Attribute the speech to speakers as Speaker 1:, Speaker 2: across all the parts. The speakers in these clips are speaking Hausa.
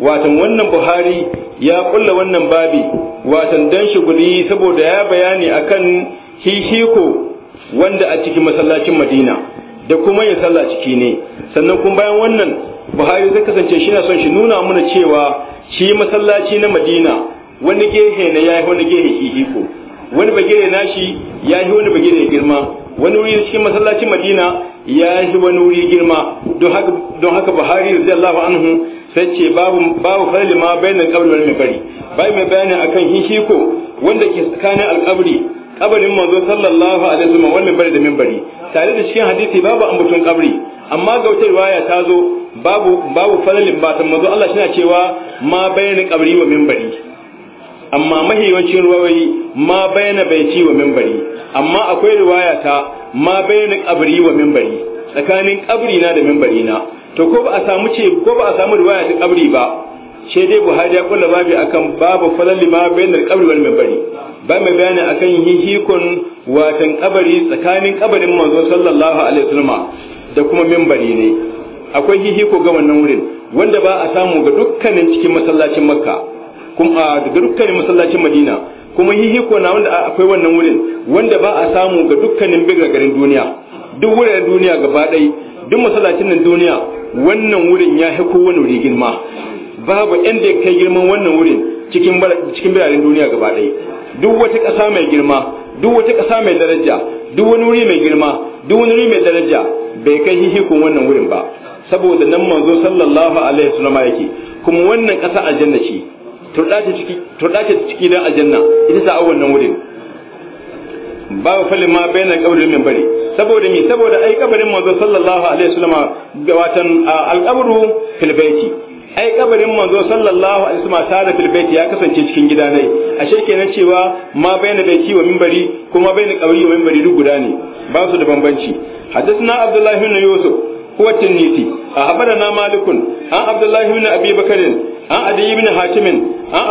Speaker 1: watan wannan buhari ya kulla wannan babi watan dan shuguri saboda ya bayani akan hihiko wanda a cikin masallacin madina da kuma ya sallah ciki ne sannan kuma bayan wannan buhari zai kasance shi na son shi nuna mana cewa shi masallaci na madina wani gehe ne ya yi wani gehe hihiko wani bagire na shi ya yi wani bagire girma wani wuri cikin masallacin madina ya yi wani wuri girma don haka buhari radiyallahu anhu sai ce babu babu ma bainal qabri wal mabari bai mai bayani akan hishiko wanda ke tsakanin alqabri kabarin manzo sallallahu alaihi wasallam wal mabari da minbari tare da cikin hadisi babu ambaton kabri amma ga wata riwaya ta zo babu babu fadlin ba ta manzo Allah shi cewa ma bainal kabari wa minbari amma mahiwancin ruwayoyi ma bayyana bai ci wa minbari amma akwai riwaya ta ma bayyana kabri wa minbari tsakanin kabri na da minbari na to ko ba a samu ce ko ba a samu riwaya ta kabri ba she dai buhari ya kulla babi akan babu falal ma bainal kabri wal mabari ba mai bayani akan hihikun watan kabari tsakanin kabarin manzo sallallahu alaihi wasallam da kuma minbari ne akwai hihiko ga wannan wurin wanda ba a samu ga dukkanin cikin masallacin makka kuma ga dukkanin masallacin madina kuma hihiko na wanda akwai wannan wurin wanda ba a samu ga dukkanin bigar garin duniya duk wuraren duniya gaba ɗaya duk masallacin nan duniya wannan wurin ya fi kowane wuri girma babu inda ya kai girman wannan wurin cikin cikin biranen duniya gaba ɗaya duk wata ƙasa mai girma duk wata ƙasa mai daraja duk wani wuri mai girma duk wani wuri mai daraja bai kai hihikun wannan wurin ba saboda nan manzo sallallahu alaihi wasallam yake kuma wannan ƙasa aljanna ce turdace ciki turdace ciki dan aljanna ita za a wannan wurin babu falin ma bayan min bari. saboda mi saboda ai kabarin manzo sallallahu alaihi wasallam watan alqabru fil baiti ai kabarin manzo sallallahu alaihi wasallam tare fil baiti ya kasance cikin gida ne ashe kenan cewa ma baina baiti wa minbari kuma baina kabari wa minbari duk guda ne ba su da bambanci haddathna abdullahi ibn yusuf huwa tinisi na malikun an abdullahi ibn abi bakr an adi ibn hatim an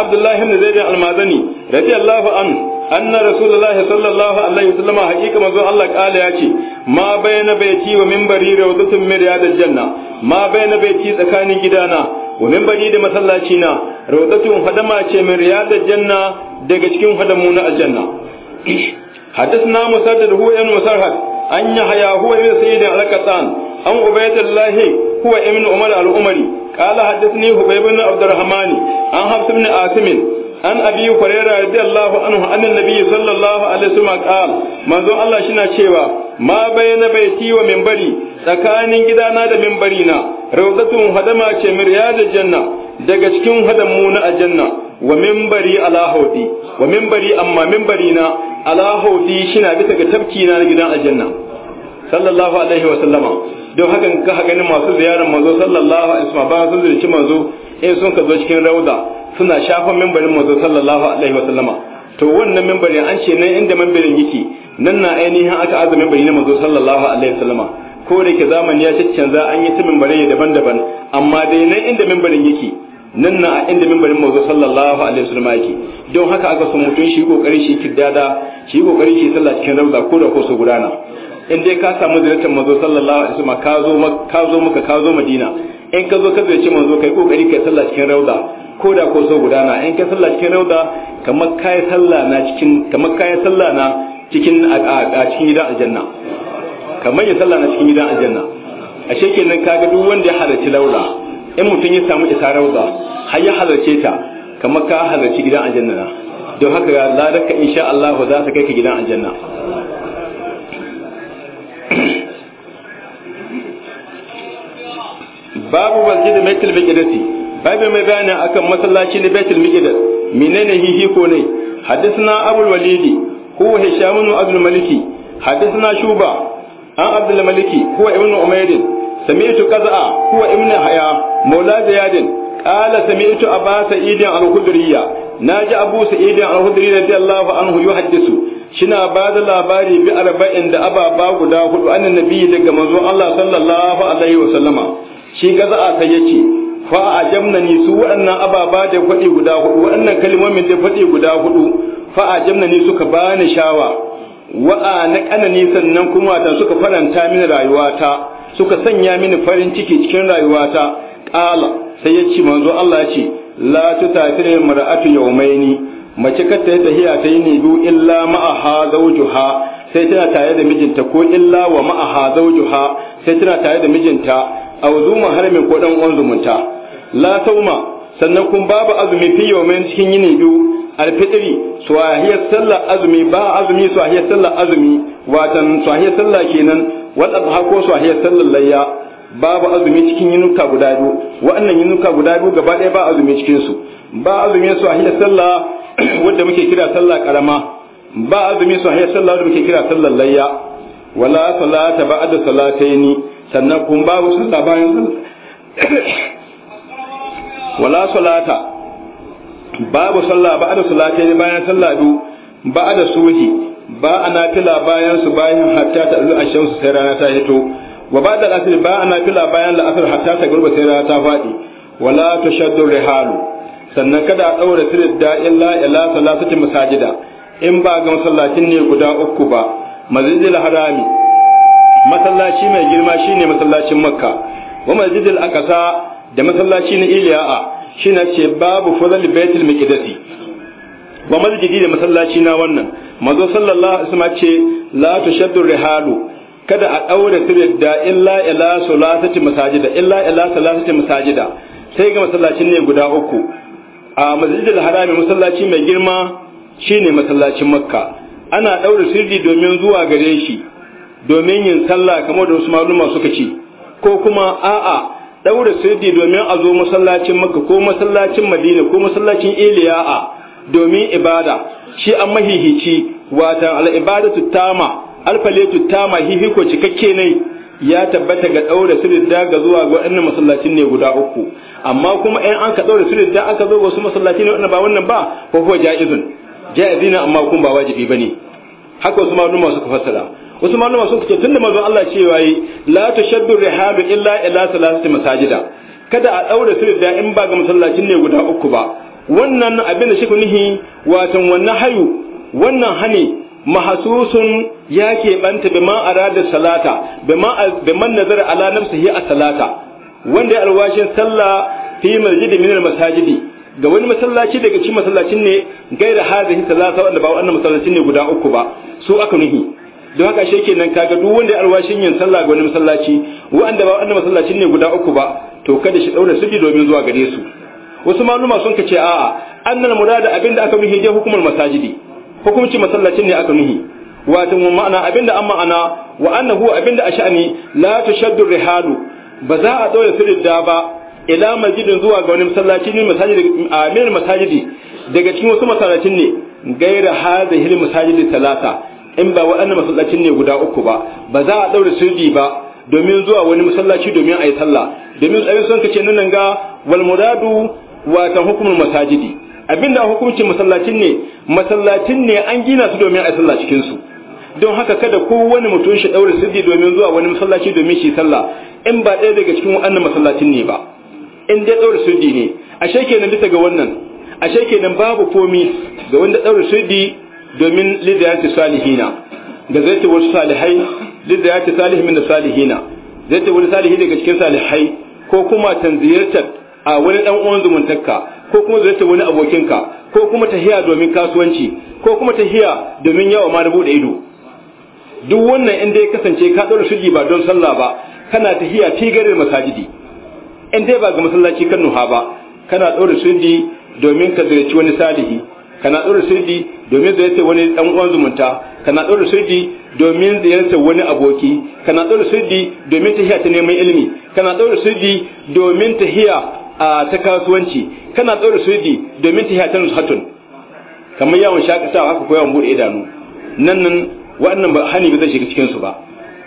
Speaker 1: abdullahi ibn zaid al-madani radiyallahu anhu anna rasulullahi sallallahu alaihi wasallam haƙiƙa manzon Allah kala yace ce ma bayna baiti wa minbari rawdatun min riyadil janna ma bayna baiti tsakanin gidana wa minbari da masallaci na rawdatun hadama ce min riyadil janna daga cikin hadamu na aljanna حدثنا مسدد هو ابن مسرحد an يحيى هو ابن سيد القطان an عبيد الله هو ابن عمر الأمري قال حدثني عبد الرحمن عن حفص بن عاصم an abi hurairah radiyallahu anhu annan nabi sallallahu alaihi wasallam qal manzo Allah shina cewa ma bayna baiti wa minbari tsakanin gidana da minbari na rawdatun hadama ce miryad janna daga cikin hadammu na aljanna wa minbari ala hawdi wa minbari amma minbari na ala hawdi shina bisa ga tafki na gidan aljanna sallallahu alaihi wasallama don hakan ka ganin masu ziyarar manzo sallallahu alaihi wasallam ba su zirci manzo in sun ka zo cikin rauda suna shafa mimbarin manzo sallallahu alaihi wa sallama to wannan mimbarin an ce nan inda mimbarin yake nan na ainihin aka aza mimbari na manzo sallallahu alaihi wa sallama ko da ke zamani ya canza an yi ta mimbarai daban-daban amma dai nan inda mimbarin yake nan na a inda mimbarin manzo sallallahu alaihi wa sallama yake don haka aka so mutum shi kokari shi kiddada shi kokari shi sallah cikin rauda ko da ko so gudana in dai ka samu ziyartar manzo sallallahu alaihi wa ka zo ka zo maka ka zo Madina in ka zo ka zai ce manzo kai kokari kai sallah cikin rauda ko da ko so gudana in ka sallah cikin rauda kamar kai sallah na cikin kamar kai sallah na cikin a cikin gidan aljanna kamar ya sallah na cikin gidan aljanna a shekenan kaga duk wanda ya halarci rauda in mutum ya samu isa rauda har ya halarce ta kamar ka halarci gidan aljanna don haka ladaka insha Allah za ta kai ka gidan aljanna babu masjid baitul miqdasi babu mai bayani akan masallaci na baitul miqdas menene hihi ko ne hadisna abul walidi huwa hisham ibn abdul maliki hadisna shuba an abdul maliki huwa ibn umayr سمعت كذا هو ابن حياء مولى زياد قال سمعت أبا سعيد الخدري ناجي أبو سعيد الخدري رضي الله عنه يحدث shina ba da labari bi arba'in da ababa guda hudu annan nabi daga manzon Allah sallallahu alaihi wa sallama. shi gaza'a sai ya ce fa a jamna ni su waɗannan ababa da faɗi guda hudu waɗannan kalmomin da faɗi guda hudu fa a jamna ni suka bani shawa wa a na kanani sannan kuma ta suka faranta mini rayuwata suka sanya mini farin ciki cikin rayuwata ƙala sai ya ce manzo Allah ya ce la tutatire mar'atu yawmaini mace kar ta yi tahiya ta yi ne biyu illa ma'aha zawjuha sai tana tare da mijinta ko illa wa ma'aha zawjuha sai tana tare da mijinta aw zuma harmi ko dan uwan zumunta la tauma sannan kun babu azumi fi yawmin cikin yini biyu alfitri swahiyar sallah azumi ba azumi swahiyar sallah azumi watan swahiyar sallah kenan wadda ha ko swahiyar sallah layya babu azumi cikin yinuka guda biyu waɗannan yinuka guda biyu gaba daya ba azumi cikin su ba azumi swahiyar sallah wanda muke kira sallah karama ba azumi swahiyar sallah wanda muke kira sallah layya wala salata ba'da salataini sannan kun babu sallah bayan sallah wala salata babu sallah ba da salata ne bayan sallah du ba da suhi ba ana fila bayan su bayan hatta ta zuwa shamsu sai rana ta hito wa ba da asir ba ana fila bayan la'asar hatta ta gurba sai rana ta faɗi wala tashaddu rihalu sannan kada a daura sirin da illa ila salasati masajida in ba ga masallacin ne guda uku ba mazidil harami masallaci mai girma shine masallacin makka wa masjidil aqsa da masallaci na iliya'a shine ce babu fadal baitul maqdis wa masjidi da masallaci na wannan mazo sallallahu alaihi wasallam ce la tushaddu rihalu kada a daure da illa ila salatati masajida illa ila salatati masajida sai ga masallacin ne guda uku a masjidil harami masallaci mai girma shine masallacin makka ana daura sirri domin zuwa gare shi domin yin sallah kamar da wasu maluma suka ce ko kuma a'a daura sirdi domin a zo masallacin makka ko masallacin madina ko masallacin iliya'a domin ibada shi an mahihici watan al'ibada tama alfale tama hihiko cikakke ne ya tabbata ga daura da ga zuwa ga wannan masallacin ne guda uku amma kuma in an ka daura da aka zo ga wasu masallaci ne wannan ba wannan ba ko ko jaizun jaizina amma kun ba wajibi bane haka wasu maluma suka fassara wasu malama sun kuce tunda mazan Allah cewa yi la tashaddu rihabi illa ila salasati masajida kada a daure su da in ba ga masallacin ne guda uku ba wannan abin da shi nihi watan wannan hayu wannan hani mahasusun ya banta bi ma arada salata bi man nazar ala nafsihi a salata wanda ya alwashin sallah fi masjidi min masajidi ga wani masallaci daga cikin masallacin ne gaira hadhihi salata wanda ba wannan masallacin ne guda uku ba su aka nuhi don haka shi kenan kaga duk wanda ya alwashin yin sallah ga wani masallaci wanda ba wanda masallacin ne guda uku ba to kada shi daura sujudi domin zuwa gare su wasu maluma sun ka ce a'a annal murada abinda aka nuhi je hukumar masajidi hukumci masallacin ne aka nuhi wato mun ma'ana abinda an ma'ana wa annahu abinda a sha'ani la tushaddu rihalu ba za a daura sujudi da ba ila masjidin zuwa ga wani masallaci ne masajidi amir masajidi daga cikin wasu masallacin ne gaira hadhihi masajidi talata in ba waɗannan masallacin ne guda uku ba ba za a ɗaure sirri ba domin zuwa wani masallaci domin a yi sallah domin tsayin son kace nan ga wal muradu wa ta hukumul masajidi abinda hukuncin masallacin ne masallacin ne an gina su domin a yi sallah cikin su don haka kada ko wani mutum shi daure sirri domin zuwa wani masallaci domin shi sallah in ba ɗaya daga cikin wannan masallacin ne ba in dai daure sirri ne ashe kenan bisa ga wannan ashe kenan babu komi ga wanda daure sirri domin lidayati salihina da zai ce wasu salihai lidayati salih da salihina zai ce wani salihi daga cikin salihai ko kuma tanziyarta a wani dan uwan zumuntarka ko kuma zai ce wani abokinka ko kuma tahiya domin kasuwanci ko kuma tahiya domin yawa ma da bude ido duk wannan in dai kasance ka dora shirgi ba don sallah ba kana tahiya tigarin masajidi in dai ba ga masallaci kan nuha ba kana dora shirgi domin ka ziyarci wani salihi kana ɗora sirdi domin yace wani dan uwan zumunta kana ɗora sirdi domin yace wani aboki kana ɗora sirdi domin tahiya ta neman ilimi kana ɗora sirdi domin tahiya a ta kasuwanci kana ɗora sirdi domin tahiya ta nusatun kamar yawon shakatawa haka ko yawon bude idanu nan nan waɗannan ba hani ba zai shiga cikin su ba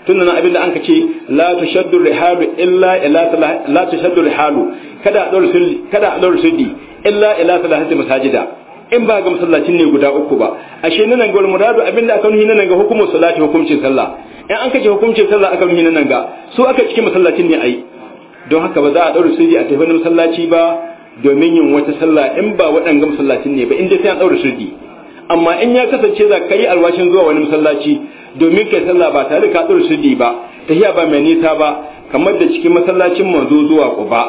Speaker 1: tunda nan abinda an kace ce la tashaddu rihalu illa ila la tashaddu rihalu kada a sirdi kada a sirdi illa ila salahati masajida in ba ga masallacin ne guda uku ba ashe nan ga muradu abinda aka nuhi nan ga hukumar salati hukuncin sallah in an kace hukuncin sallah aka nuhi nan ga su aka cikin masallacin ne ai don haka ba za a daura sirri a tafi wani masallaci ba domin yin wata sallah in ba waɗanga masallacin ne ba in dai sai an daura sirri amma in ya kasance za ka yi alwashin zuwa wani masallaci domin kai sallah ba tare ka daura sirri ba tahiya ba mai nisa ba kamar da cikin masallacin manzo zuwa Quba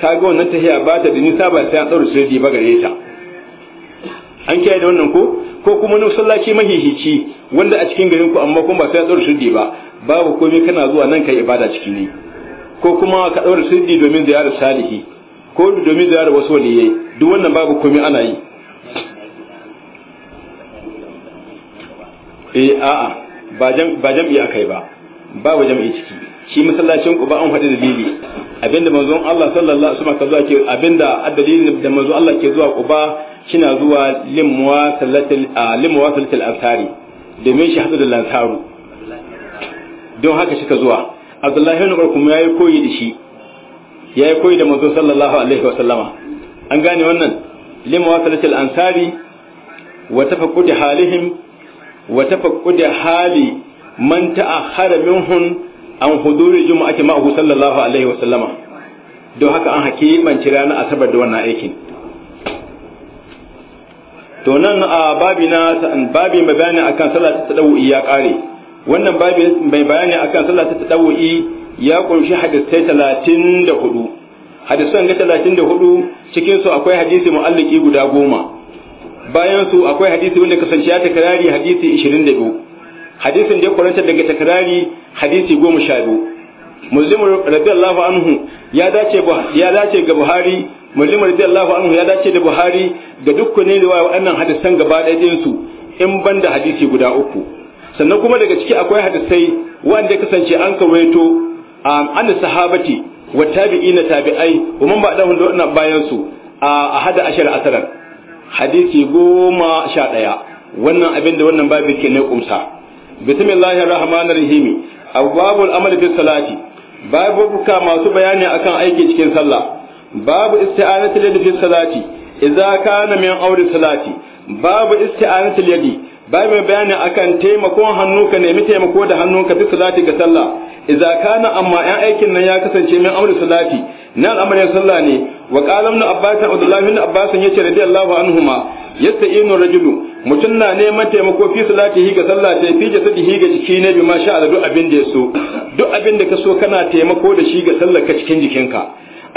Speaker 1: kaga wannan tahiya ba ta da nisa ba sai an daura sirri ba gare ta an kiyaye da wannan ko ko kuma ni masallaci mahihici wanda a cikin garin ku amma kun ba sai tsaro shirdi ba babu komai kana zuwa nan kai ibada cikin ne ko kuma ka daura shirdi domin ziyarar salihi ko domin ziyarar wasu waliyai duk wannan babu komai ana yi eh a'a ba jam'i akai ba babu jam'i ciki shi masallacin ku ba an faɗi dalili abinda manzon Allah sallallahu alaihi wasallam zuwa ke abinda addalilin da manzon Allah ke zuwa ba shina zuwa limwa sallatil limwa sallatil afsari domin shi hadu da lansaru don haka shi ka zuwa Abdullahi ibn Umar kuma yayi koyi da shi yayi koyi da manzon sallallahu alaihi wasallama an gane wannan limwa sallatil ansari wa tafaqqudi halihim wa tafaqqudi hali man ta'akhkhara minhum an huduri juma'ati ma'ahu sallallahu alaihi wa sallama don haka an manci ranar asabar da wannan aikin to nan a babi na babi mai bayani akan sallah ta tadawu'i ya kare wannan babi mai bayani akan sallah ta tadawu'i ya kunshi hadisai 34 hadisan ga 34 cikin su akwai hadisi mu'alliki guda goma bayan su akwai hadisi wanda kasance ya karari hadisi biyu. hadisin da ya daga takrari hadisi goma sha biyu muslim radiyallahu anhu ya dace ya dace ga buhari muslim radiyallahu anhu ya dace da buhari ga dukkanin riwaya wannan hadisan gaba din su in banda hadisi guda uku sannan kuma daga ciki akwai hadisai wanda kasance an kawaito um, an sahabati wa tabi'ina tabi'ai wa man ba'dahum da wannan bayan su a hada ashar asaran hadisi goma sha ɗaya wannan abin da wannan babu ke na kumsa bismillahir rahmanir rahim abwabul amali bis salati babuka masu bayani akan aiki cikin sallah babu isti'anatul yadi fi salati idza kana min awri salati babu isti'anatul yadi babu mai bayani akan taimakon hannu ka nemi taimako da hannu ka fi salati ga sallah idza kana amma 'yan aikin nan ya kasance min amri salati nan amare sallah ne wa qala ibn abbas abdullah ibn abbas yace radiyallahu anhuma yasta'inu rajulu mutum na neman taimako fi salatihi ga sallah ta fi sadi ga jiki ne bi ma Allah duk abin da ya so duk abin da ka so kana taimako da shi ga sallar ka cikin jikinka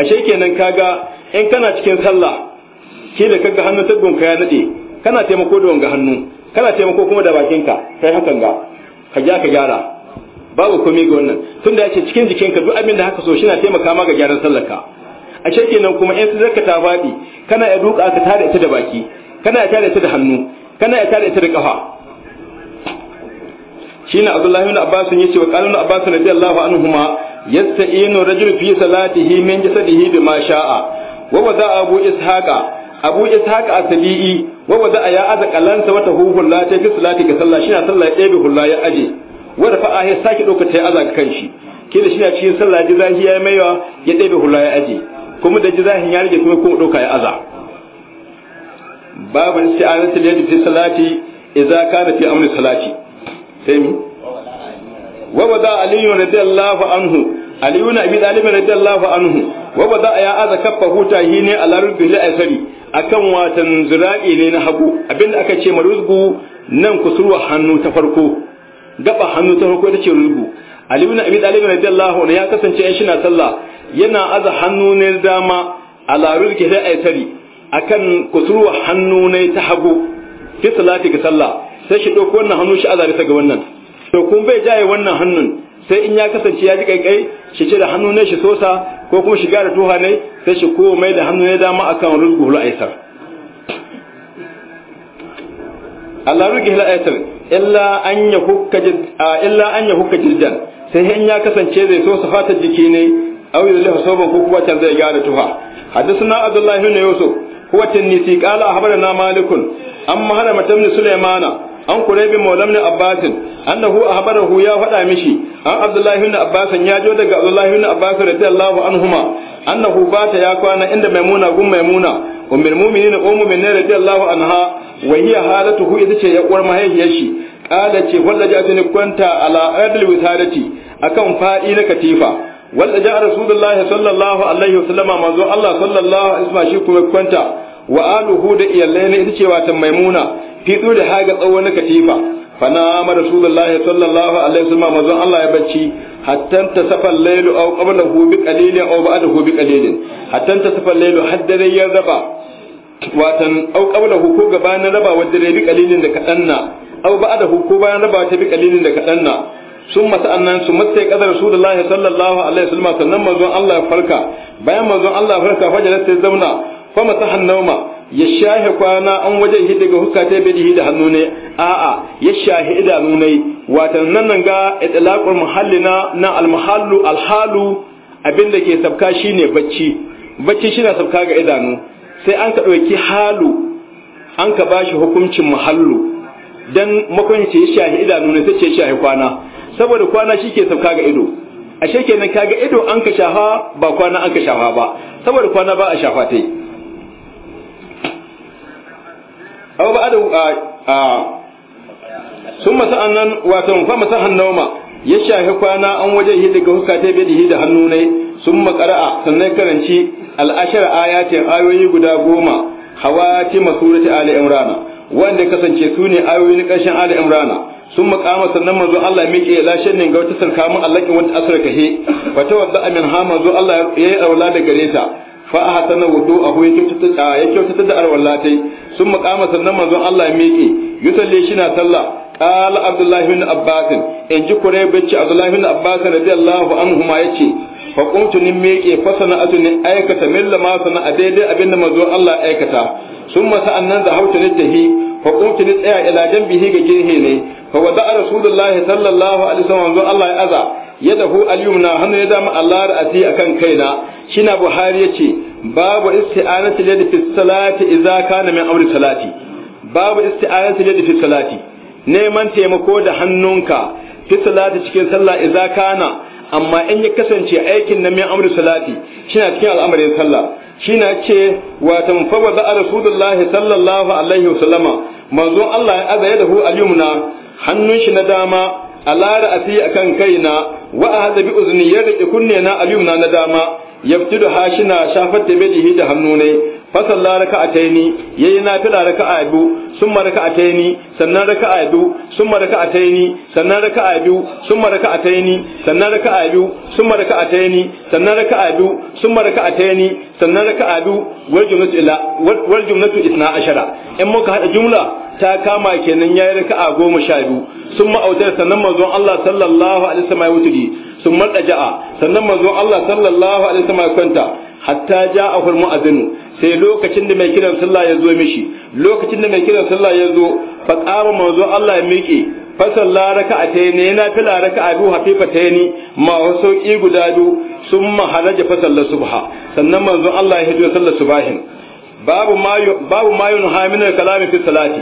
Speaker 1: ashe kenan kaga in kana cikin sallah ke da kaga hannu tabbunka ya nade kana taimako da wanga hannu kana taimako kuma da bakinka kai hakan ga ka ja ka gyara babu komai ga wannan tunda yace cikin jikinka duk abin da haka so shi na taimaka ma ga gyaran sallarka a kenan kuma in sallarka ta faɗi kana ya duka ka tare ita da baki kana ya tare ita da hannu kana ya tare ita da kafa shine Abdullahi ibn Abbas yace wa qala Abbas radiyallahu anhuma yasta'inu rajul fi salatihi min jasadihi bima sha'a wa wada Abu Ishaqa Abu Ishaqa as-Sabi'i wa wada ya azqalansa wata huhulla ta fi salati ga sallah shine sallah ya ɗebe hulla ya aje wanda fa'a ya sake ɗauka ta aza ga kanshi kila shi ya cikin sallah ji zahi ya maiwa ya dabe hula ya aje kuma da ji zahin ya rage kuma ko ɗauka ya aza babu isti'anatu da fi salati idza kana fi amri salati sai mi wa wada ali radiyallahu anhu ali na abi talib radiyallahu anhu wa wada ya aza kaffa huta hine ala rubbil asari akan watan zira'i ne na hagu abinda aka ce maruzgu nan kusurwa hannu ta farko gaba hannu ta farko ita ce rugu ali ibn abi talib radiyallahu anhu ya kasance in shina sallah yana aza hannu ne dama ala rulki da tari akan kusurwa hannu ne ta hagu fi salati ga sallah sai shi dauko wannan hannu shi aza bisa ga wannan to kun bai jaye wannan hannun sai in ya kasance ya ji kai shi ce da hannu ne shi sosa ko kuma shiga da tuha ne sai shi ko mai da hannu ne dama akan rulguhul aisar Allah ruki hil ayatar illa an ya hukka illa an ya hukka sai hin ya kasance zai so safatar jiki ne aw ya lahu sabon ko kuwa can zai gara tuha hadisuna abdullahi ibn yusuf huwa tinisi qala ahbarana malikun amma hana matamni sulaimana an kuraibi maulam ne abbasin annahu ahbarahu ya fada mishi an abdullahi ibn abbas ya jo daga abdullahi ibn abbas radiyallahu anhuma annahu bata ya kwana inda maimuna gun maimuna ummul mu'minin ummu min allahu anha wa hiya halatuhu ita ce ya uwar mahaifiyar shi kala ce walla ja'atuni kunta ala adl wisadati akan fa'i na katifa walla ja'a rasulullah sallallahu alaihi wasallam manzo Allah sallallahu alaihi wasallam shi kuma kwanta wa aluhu da iyalai ne ita ce wata maimuna fi tsuri haga tsawon katifa fana amma rasulullahi sallallahu alaihi wasallam mazan Allah ya bacci hattan ta safal laylu qabla hu bi qalilin aw ba'da hu bi qalilin hattan ta safal laylu haddara ya zaba watan aw qabla hu ko gabana raba wadda dai bi qalilin da kadanna aw ba'da hu ko bayan raba ta bi qalilin da kadanna summa sa'annan summa sai qadara rasulullahi sallallahu alaihi wasallam sannan mazan Allah ya farka bayan mazan Allah ya farka fajar sai zauna fa masahan nauma ya shahe kwana an wajen hi daga hukka ta bai da hannu ne a'a ya shahe idanu ne watan nan nan ga itlaqul muhalli na na al muhallu al halu abinda ke sabka shine bacci bacci shine sabka ga idanu sai an ka dauki halu an ka bashi hukuncin muhallu dan makon ce ya shahe idanu ne sai ce shahe kwana saboda kwana shike sabka ga ido ashe kenan kaga ido an ka shafa ba kwana an ka shafa ba saboda kwana ba a shafa tai aw ba'da sun sa'annan wato fa masahan nauma ya shafi kwana an waje yi daga huka ta bai da hannu ne sun makara'a sannan karanci al'ashar ayatin ayoyi guda goma hawati masurati ali imrana wanda kasance su ne ayoyin karshen ali imrana sun makama sannan manzo Allah ya miƙe lashin ne ga wata sarka mun allakin wanda asar kahe wata wadda amin ha manzo Allah ya yi aula da gare ta fa ahsana wudu'ahu ya kyautata da arwallatai sun makama sannan manzon Allah ya miƙe yusalle shi na sallah qala abdullahi bin abbas in ji kure bacci abdullahi bin abbas radiyallahu anhu ma yace fa qultu nim miƙe fa sana'atu ni aikata milla ma sana'a daidai abinda manzon Allah ya aikata summa sa'annan zahautu ni tahi fa qultu ni tsaya ila janbihi ga gehe ne fa wada rasulullahi sallallahu alaihi wasallam manzon Allah ya aza yadahu al-yumna hannu ya dama Allah ra'ati akan kaina na Buhari yace babu isti'anatu ladi fi salati idza kana min amri salati babu isti'anatu ladi fi salati neman taimako da hannunka fi salati cikin sallah idza kana amma in ya kasance aikin na min amri salati shina cikin al'amarin sallah shina ce wa tanfawa da rasulullah sallallahu alaihi wasallama manzo Allah ya azaya da hu al-yumna hannun shi na dama alara ati akan kaina wa hada bi uzni ya kunne na alyumna na dama yaftidu hashina shafat da bihi da hannu ne fasalla raka'ataini yayi nafila raka'a biyu summa raka'ataini sannan raka'a biyu summa raka'ataini sannan raka'a biyu summa raka'ataini sannan raka'a biyu summa raka'ataini sannan raka'a biyu summa raka'ataini sannan raka'a biyu wal jumlatu ila wal jumlatu 12 in muka hada jumla ta kama kenan yayi a goma sha biyu summa autar sannan manzon Allah sallallahu alaihi wasallam ya wuturi summa daja'a sannan manzon Allah sallallahu alaihi wasallam ya kwanta hatta ja'ahu al-mu'adhdhin sai lokacin da mai kiran sallah ya zo mishi lokacin da mai kiran sallah ya zo fa manzo Allah ya miƙe fa salla raka'atayn yana fila a biyu hafifatayn ma sauƙi guda biyu sun maharaja fa salla subha sannan manzo Allah ya hijira sallar subahin babu ma babu ma yunha min fi salati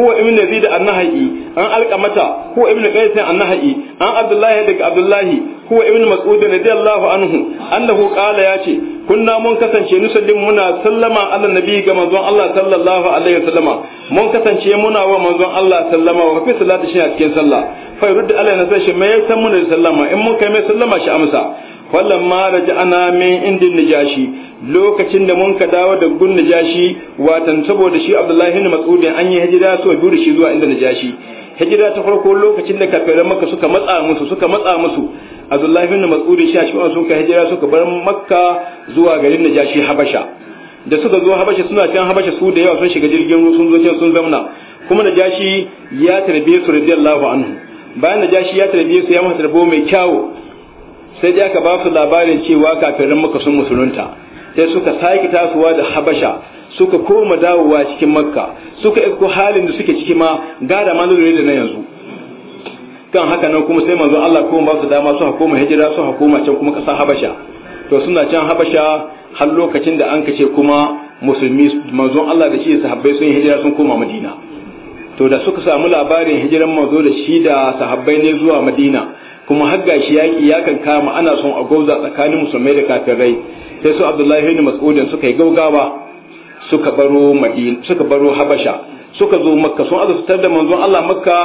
Speaker 1: هو ابن an النهائي عن القمة هو ابن قيس an عن عبد الله دك عبد الله هو ابن مسعود رضي الله عنه أنه قال ياتي kunna mun kasance nusallim muna sallama ga manzon Allah sallallahu alaihi wasallama mun kasance muna wa manzon Allah sallama wa fi salati a cikin sallah fa yurdu alai na sai shi mai san muna sallama in mun kai mai sallama shi amsa falamma ana min indin najashi lokacin da mun ka dawo da gun najashi watan saboda shi abdullahi ibn mas'ud an yi hijira to biyu da shi zuwa inda najashi hijira ta farko lokacin da kafiran makka suka matsa musu suka matsa musu abdullahi ibn mas'ud shi a cikin suka hijira suka bar makka zuwa garin najashi habasha da suka zo habasha suna can habasha su da yawa sun shiga jirgin ruwa sun zo can sun zauna kuma najashi ya tarbiye su radiyallahu anhu bayan najashi ya tarbiye su ya masa tarbo mai kyawu sai dai aka ba su labarin cewa kafirin maka sun musulunta sai suka sake tasowa da habasha suka koma dawowa cikin makka suka iko halin da suke ciki ma gada ma lura da na yanzu kan haka nan kuma sai manzo Allah kuma ba su dama su hukuma hijira su hukuma can kuma kasa habasha to suna can habasha har lokacin da an kace kuma musulmi manzo Allah da shi sahabbai sun hijira sun koma madina to da suka samu labarin hijiran manzo da shi da sahabbai ne zuwa madina kuma har gashi yaki ya kan kama ana son a gauza tsakanin musulmai da kafirai sai su abdullahi ibn mas'udin suka yi gaugawa suka baro madina suka baro habasha suka zo makka sun azu tar da manzon Allah makka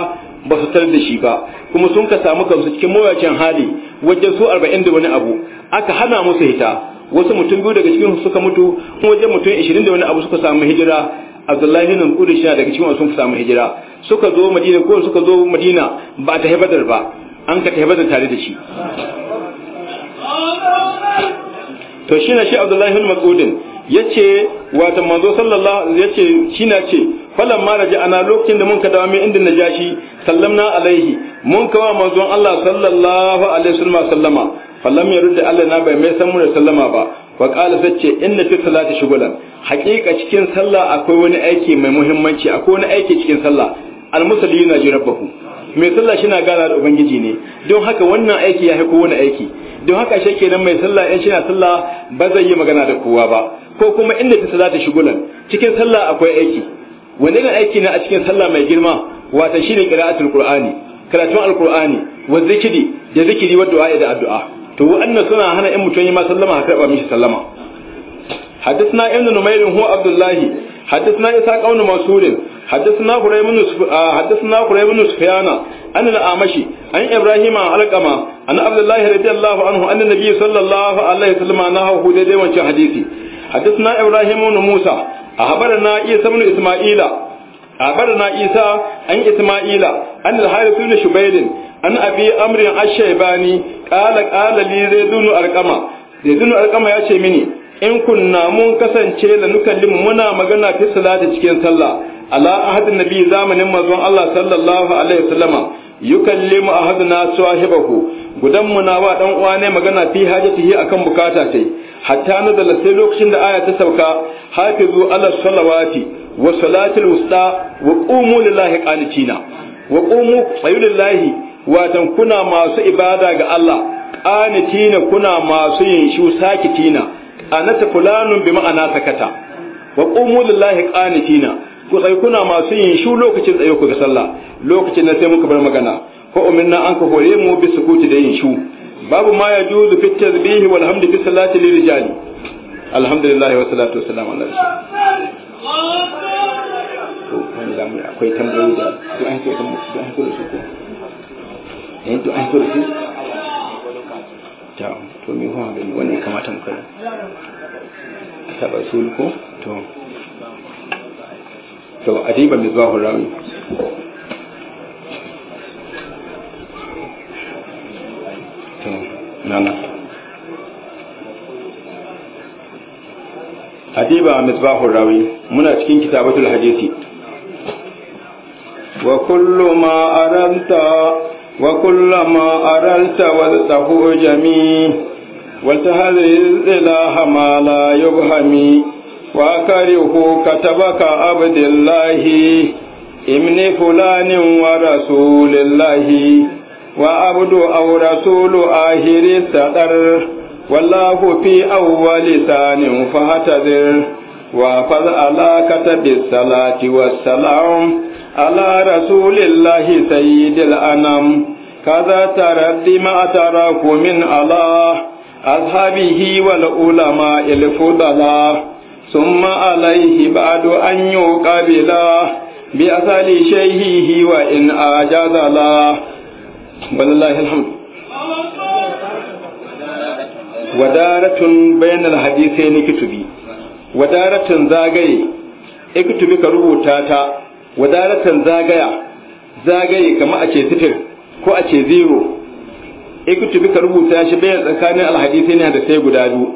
Speaker 1: ba su tar da shi ba kuma sun ka samu kansu cikin mawacin hali wajen su 40 da wani abu aka hana musu hita wasu mutum biyu daga cikin suka mutu kuma wajen mutum 20 da wani abu suka samu hijira Abdullahi ibn Qudaysh daga cikin sun samu hijira suka zo Madina ko suka zo Madina ba ta hebadar ba an ka tafi tare da shi to shi na shi abdullahi bin mas'udin yace wato manzo sallallahu yace shi na ce falan ma raji ana lokacin da mun ka dawo mai na jashi sallamna alaihi mun kawa manzon Allah sallallahu alaihi wa sallama ya rudda Allah na bai mai san mu da sallama ba fa qala sace inna fi salati shugulan haqiqa cikin sallah akwai wani aiki mai muhimmanci akwai wani aiki cikin sallah al musallina ji rabbahu mai sallah shi na gana da ubangiji ne don haka wannan aiki ya haiko wani aiki don haka shi kenan mai sallah in shi na sallah ba zai yi magana da kowa ba ko kuma inda ta salata shigulan cikin sallah akwai aiki wani ne aiki ne a cikin sallah mai girma wata shine qira'atul qur'ani karatun alqur'ani wa zikiri da zikiri wa du'a da addu'a to wannan suna hana in mutum yi ma sallama ka karba mishi sallama حدثنا ابن نمير هو عبد الله حدثنا إسحاق بن منصور حدثنا هريم بن حدثنا هريم بن سفيان عن الأعمشي عن إبراهيم علقمة عن عبد الله رضي الله عنه أن النبي صلى الله عليه وسلم نهى ديدي وانشان حديثي حدثنا إبراهيم بن موسى أخبرنا عيسى بن إسماعيل أخبرنا عيسى عن إسماعيل عن الحارث بن شبيل عن أبي أمر الشيباني قال قال لي زيد بن أرقمة زيد بن أرقمة يا شيميني in kunna mun kasance da nukallimu muna magana fi salati cikin sallah ala ahadin nabi zamanin manzon Allah sallallahu alaihi wasallama yukallimu ahaduna sahibahu gudan muna ba dan uwa ne magana fi hajatihi akan bukata tai hatta na da sai lokacin da aya ta sauka hafizu ala salawati wa salatil wusta wa qumu lillahi qanitina wa qumu watan kuna masu ibada ga Allah qanitina kuna masu yin shu sakitina anata fulanun bi ma'ana sakata wa qumu lillahi qanitina ku sai kuna masu yin shu lokacin tsaye ku ga sallah lokacin da sai muka bar magana ko umirna an ka hore mu bi sukuti da yin shu babu ma yajuzu fi tasbih wal hamd fi salati lil rijali alhamdulillah wa salatu wa salam ala rasul akwai tambayoyi da an da su ko
Speaker 2: eh, an da su ta to me kuma gani kamata mu
Speaker 1: kada ko to to adiba to nana adiba muna cikin kitabatul hadisi wa kullu ma aranta وكلما أردت وزته جميع والتهذه الإله ما لا يبهم وأكره كتبك عبد الله ابن فلان ورسول الله وعبد أو رسول آخر السطر والله في أول لسان فاعتذر وحفظ على كتب الصلاة والسلام على رسول الله سيد الأنام كذا تردي ما أتراك من الله أصحابه والعلماء الفضلاء ثم عليه بعد أن يقابل بأسال شيهه وإن أعجز له ولله الحمد ودارة بين الحديثين كتبي ودارة زاغي اكتبك رؤو تاتا wadaratan zagaya zagaye kama a ce sifir ko a ce zero ikutubi ka rubuta shi bayan tsakanin alhadisai ne da sai guda biyu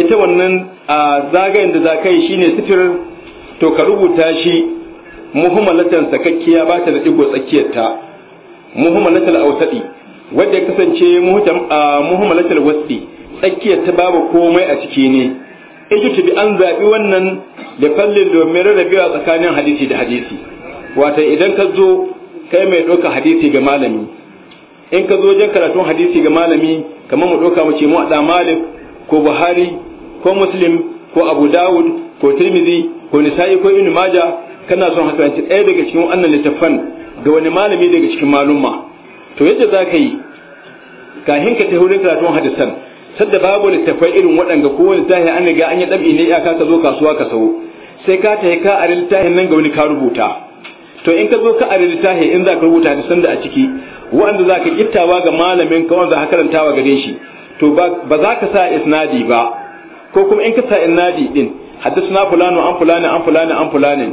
Speaker 1: ita wannan a zagayen da zakayi shine sifir to ka rubuta shi muhimmalatan sakakkiya ba ta da digo tsakiyar ta muhimmalatul awsadi wanda ya kasance muhimmalatul wasti tsakiyar ta babu komai a ciki ne bi an zaɓi wannan da fallin domin rarrabewa tsakanin hadisi da hadisi wata idan ka zo kai mai ɗauka hadisi ga malami in ka zo wajen karatun hadisi ga malami kamar mu ɗauka mu ce mu a malik ko buhari ko muslim ko abu dawud ko tirmidhi ko nisa'i ko ibn maja kana son haka ci ɗaya daga cikin wannan littafan ga wani malami daga cikin malumma to yadda za ka yi kahin ka ta wurin karatun hadisan sadda babu littafai irin waɗanga ko wani tahi an riga an yi ɗabi ne iyaka ka zo kasuwa ka sawo sai ka tahi ka ari littafin nan ga wani ka rubuta to in ka zo ka ari littafi in za ka rubuta da sanda a ciki wanda za ka gittawa ga malamin ka wanda ka karantawa gare shi to ba za ka sa isnadi ba ko kuma in ka sa isnadi din حدثنا an fulani an fulani an fulani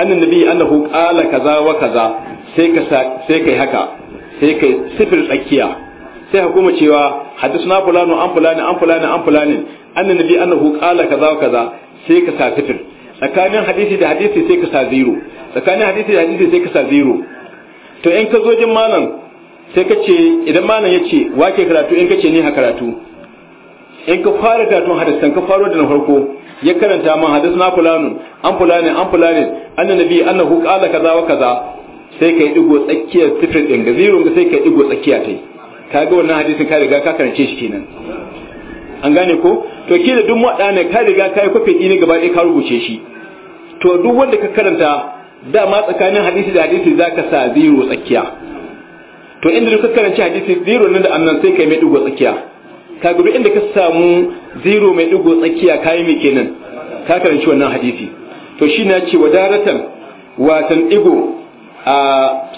Speaker 1: annan nabi annahu qala kaza wa kaza sai ka kai haka sai kai sifir tsakiya sai hukuma cewa hadisuna fulano an fulani an fulani an fulani nabi annahu qala kaza kaza sai ka sa sifir tsakanin hadisi da hadisi sai ka sa zero tsakanin hadisi da hadisi sai ka sa zero to in ka zo jin malam sai ka ce idan malam ya ce wake karatu in ka ce ni ha karatu in ka fara karatun hadisan ka faro da na farko ya karanta man hadisuna fulano an fulani an fulani nabi annahu qala kaza wa kaza sai ka yi digo tsakiyar sifir din ga zero sai ka yi digo tsakiya tai Ka ga wannan hadisin ka riga ka karance shi kenan an gane ko to ke da duk waɗanda ka riga ka yi kwafe ɗini gaba ɗaya ka rubuce shi to duk wanda ka karanta dama tsakanin hadisi da hadisi za ka sa zero tsakiya to inda duk ka karanci hadisi zero nan da annan sai ka yi mai ɗigo tsakiya ka gudu inda ka samu zero mai ɗigo tsakiya ka yi mai kenan ka karanci wannan hadisi to shi na ce wadaratan watan ɗigo a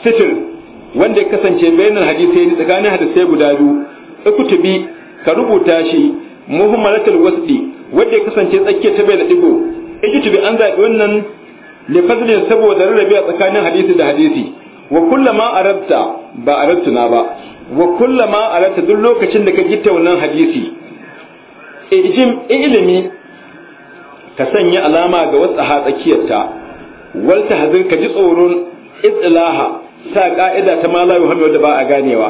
Speaker 1: sitir wanda ya kasance bainal hadisai ne tsakanin hadisai guda biyu ikutubi ka rubuta shi muhammadatul wasdi wanda ya kasance tsakiyar ta bai da digo ikutubi an zaɓi wannan lifazlin saboda rarrabe a tsakanin hadisi da hadisi wa kullama arabta ba arabtuna ba wa kullama arabta duk lokacin da ka gitta wannan hadisi ijim ilimi ka sanya alama ga wasu tsakiyarta wal tahzir ka ji tsoron itsilaha sa ka'ida ta ma la yuhammi da ba a ganewa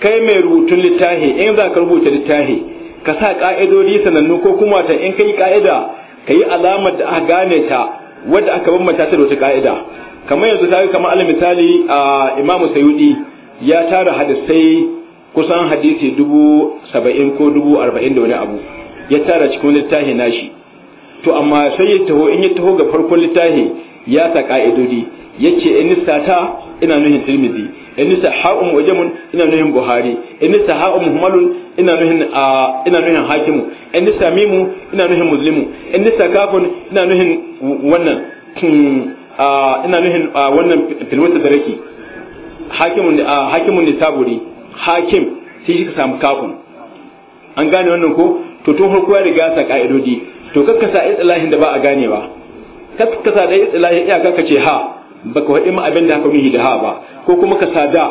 Speaker 1: kai mai rubutun littafi in za ka rubuta littafi ka sa ka'idodi sanannu ko kuma ta in kai ka'ida ka yi alamar da aka gane ta wadda aka bambanta ta da wata ka'ida kamar yanzu ta kamar alal misali a imamu sayudi ya tara hadisai kusan hadisi dubu saba'in ko dubu arba'in da wani abu ya tara cikin littafi nashi to amma sai ya taho in ya taho ga farkon littafi ya sa ka'idodi ya ce in ta ina nuhin tirmidhi in sahahum wajamun ina nuhin buhari in sahahum muhmalun ina nuhin ina nuhin hakim in samimu ina nuhin muslim in sakafun ina nuhin wannan ina nuhin wannan filwata daraki hakimun hakimun ne saburi hakim sai shi ka samu kafun an gane wannan ko to to farko ya riga sa ka'idodi to kakkasa istilahin da ba a ganewa kakkasa da istilahin iyaka kace ha ba ka ma abin da haka nuhi da ha ba ko kuma ka sada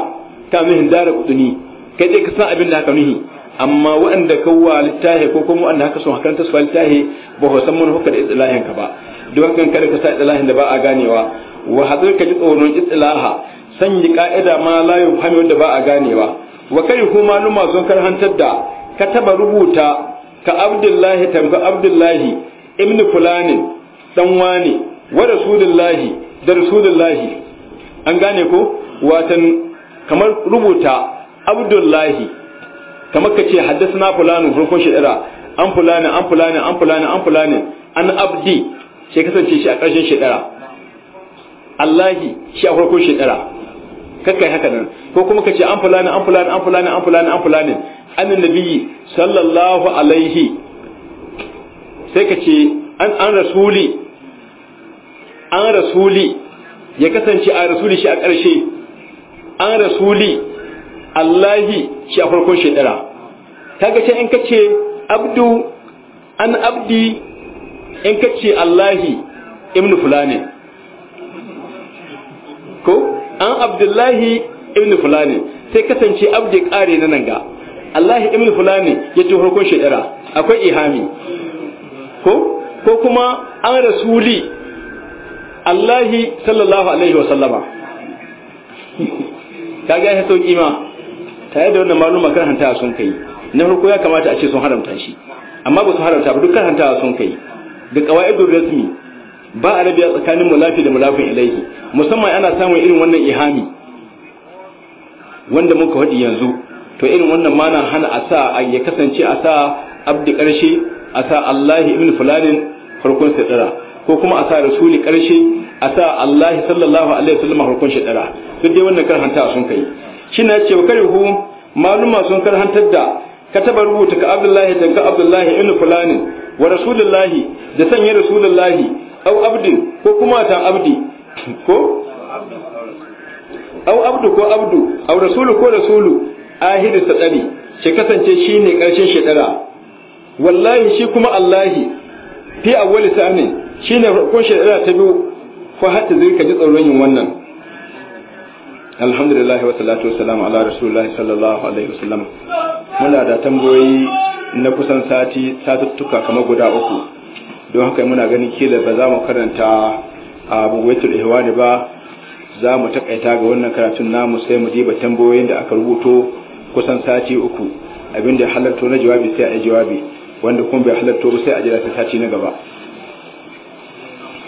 Speaker 1: ta nuhin dara kuduni kai je ka san abin da haka nuhi amma waɗanda ka wa littahi ko kuma waɗanda haka sun hakanta su littahi ba ka san mun hukar istilahin ka ba duk kan kada ka sa istilahin da ba a ganewa wa hadir ka ji tsoron istilaha sanya ka'ida ma la yuhami wanda ba a ganewa wa kai kuma luma kar hantar da ka taba rubuta ka abdullahi tamka abdullahi ibnu fulani dan wani wa rasulullahi da rasulullahi an gane ko watan kamar rubuta abdullahi kamar ka ce haddasa fulani farkon shidira an fulani an fulani an fulani an fulani an abdi sai kasance shi a ƙarshen shidira allahi shi a farkon shidira kakkai haka nan ko kuma ka ce an fulani an fulani an fulani an fulani an fulani an nabiyyi sallallahu alaihi sai ka ce an an rasuli an rasuli ya kasance a rasuli shi a ƙarshe an rasuli allahi shi a farkon shekara ta can in kace abdu an abdi in kace allahi ibn fulani ko an abdullahi ibn fulani sai kasance abdi kare na nan ga allahi ibn fulani ya ce farkon shekara akwai ihami ko ko kuma an rasuli Allahi sallallahu alaihi wa sallama kaga ya sauki ma tare da wannan maluma kan hanta sun kai na farko ya kamata a ce sun haramta shi amma ba su haramta ba dukkan hanta sun kai da qawaidul rasmi ba a rabiya tsakanin mulafi da mulafin ilaihi musamman ana samun irin wannan ihami wanda muka wadi yanzu to irin wannan ma na hana a sa ya kasance a sa abdi karshe a sa Allahi ibn fulanin farkon sadara ko kuma a sa rasuli karshe a sa Allah sallallahu alaihi wasallam harkon shi dara duk dai wannan karhanta sun kai shi na cewa hu maluma sun karhantar da ka kataba rubuta ka Abdullahi tanka Abdullahi ibn fulani wa rasulullahi da sanya rasulullahi au abdin ko kuma ta abdi ko au abdu ko abdu au rasulu ko rasulu ahidu sadari shi kasance shine karshen shekara wallahi shi kuma Allahi fi awwali sa'ani shine farkon shari'a ta biyu fa hatta zai ka ji tsoron yin wannan alhamdulillah wa salatu wa salam ala rasulullah sallallahu alaihi wa sallam. muna da tambayoyi na kusan sati satuttuka kamar guda uku don haka muna ganin kila ba za mu karanta abu waitul ihwani ba za mu takaita ga wannan karatun namu sai mu diba tambayoyin da aka rubuto kusan sati uku abinda halarto na jawabi sai a jawabi wanda kuma bai halatto ba sai a jira ta sati na gaba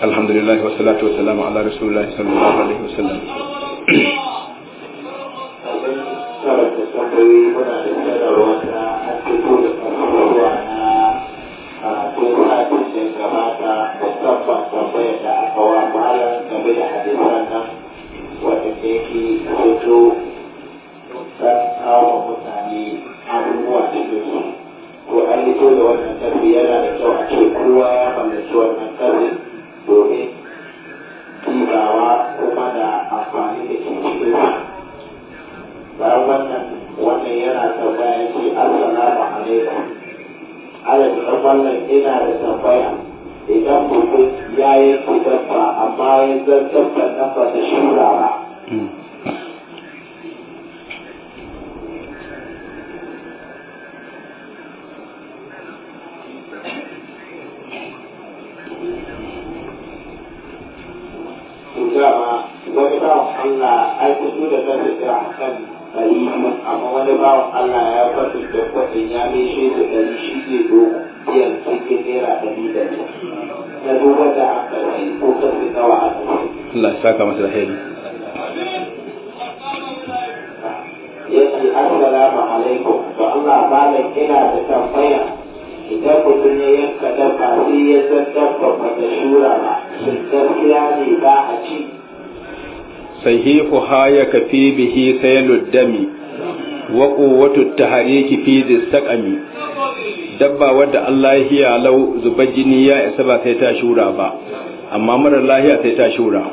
Speaker 1: alhamdulillah wa salatu wa salamu ala rasulullah sallallahu alaihi wasallam
Speaker 2: Thank you. abubuwa da ko an yi da wannan tafi yana da kyau a ce kowa ya mallaki wannan tafin domin kibawa kuma da amfani da ke cikin bayan wannan wannan yana tambaya ce assalamu alaikum alal da wannan ina da tambaya idan mutum ya yi dabba amma ya zan dabba nan ta shura ba hmm. ai fito da sarrafa a kan ɗari amma wani bawan Allah ya fasu da kwatin ya mishe da ɗari shi ke zo biyan cikin naira ɗari da na duba da aka yi ko sarrafa kawa a Allah
Speaker 1: ya saka masa alheri.
Speaker 2: Yake assalamu alaikum to Allah malam ina da tambaya idan mutum ya yanka dabba sai ya san dabba ba ta shura ba shin gaskiya ne ba a ci
Speaker 1: sahihu haya ka fi bihi sailud dami wa quwwatu tahriki fi disqami dabba wadda Allah ya hiya lau zuba jini ya isa ba sai ta shura ba amma mara lahiya sai ta shura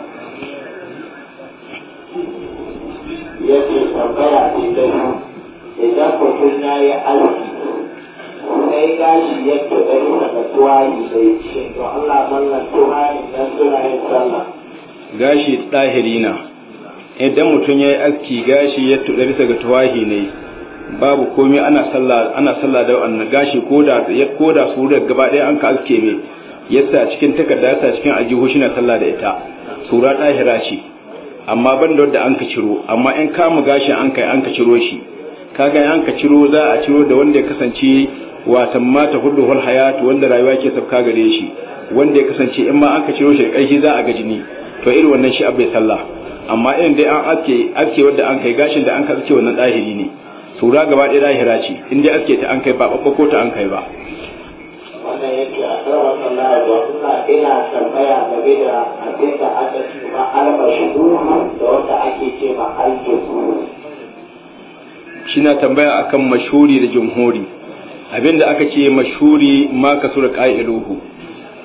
Speaker 1: gashi ya na idan mutum ya yi aski gashi ya tuɗa bisa ga tawahi ne babu komai ana sallah ana sallah da wannan gashi koda ya koda da gaba ɗaya an ka aske ne yasa cikin takarda yasa cikin aljihu shi na sallah da ita sura ɗahira ce amma ban da wanda an ka ciro amma in kama gashi an kai an ka ciro shi kaga an ka ciro za a ciro da wanda ya kasance watan mata hudu hul hayat wanda rayuwa ke sabka gare shi wanda ya kasance in ma an ka ciro shi da ƙarfi za a ga jini to irin wannan shi abai sallah amma irin dai an aske aske wanda an kai gashin da an ka aske wannan ɗahiri ne tura gaba ɗaya ɗahira ce in dai aske ta an kai ba babba ko ta an kai ba
Speaker 2: wannan yake a sarrafa sana'ar da suna ina tambaya game da abin da aka ce ma albashu da wanda ake ce ma aljihu
Speaker 1: shi na tambaya akan mashuri da jamhuri abin da aka ce mashuri ma ka sura ƙa'iluhu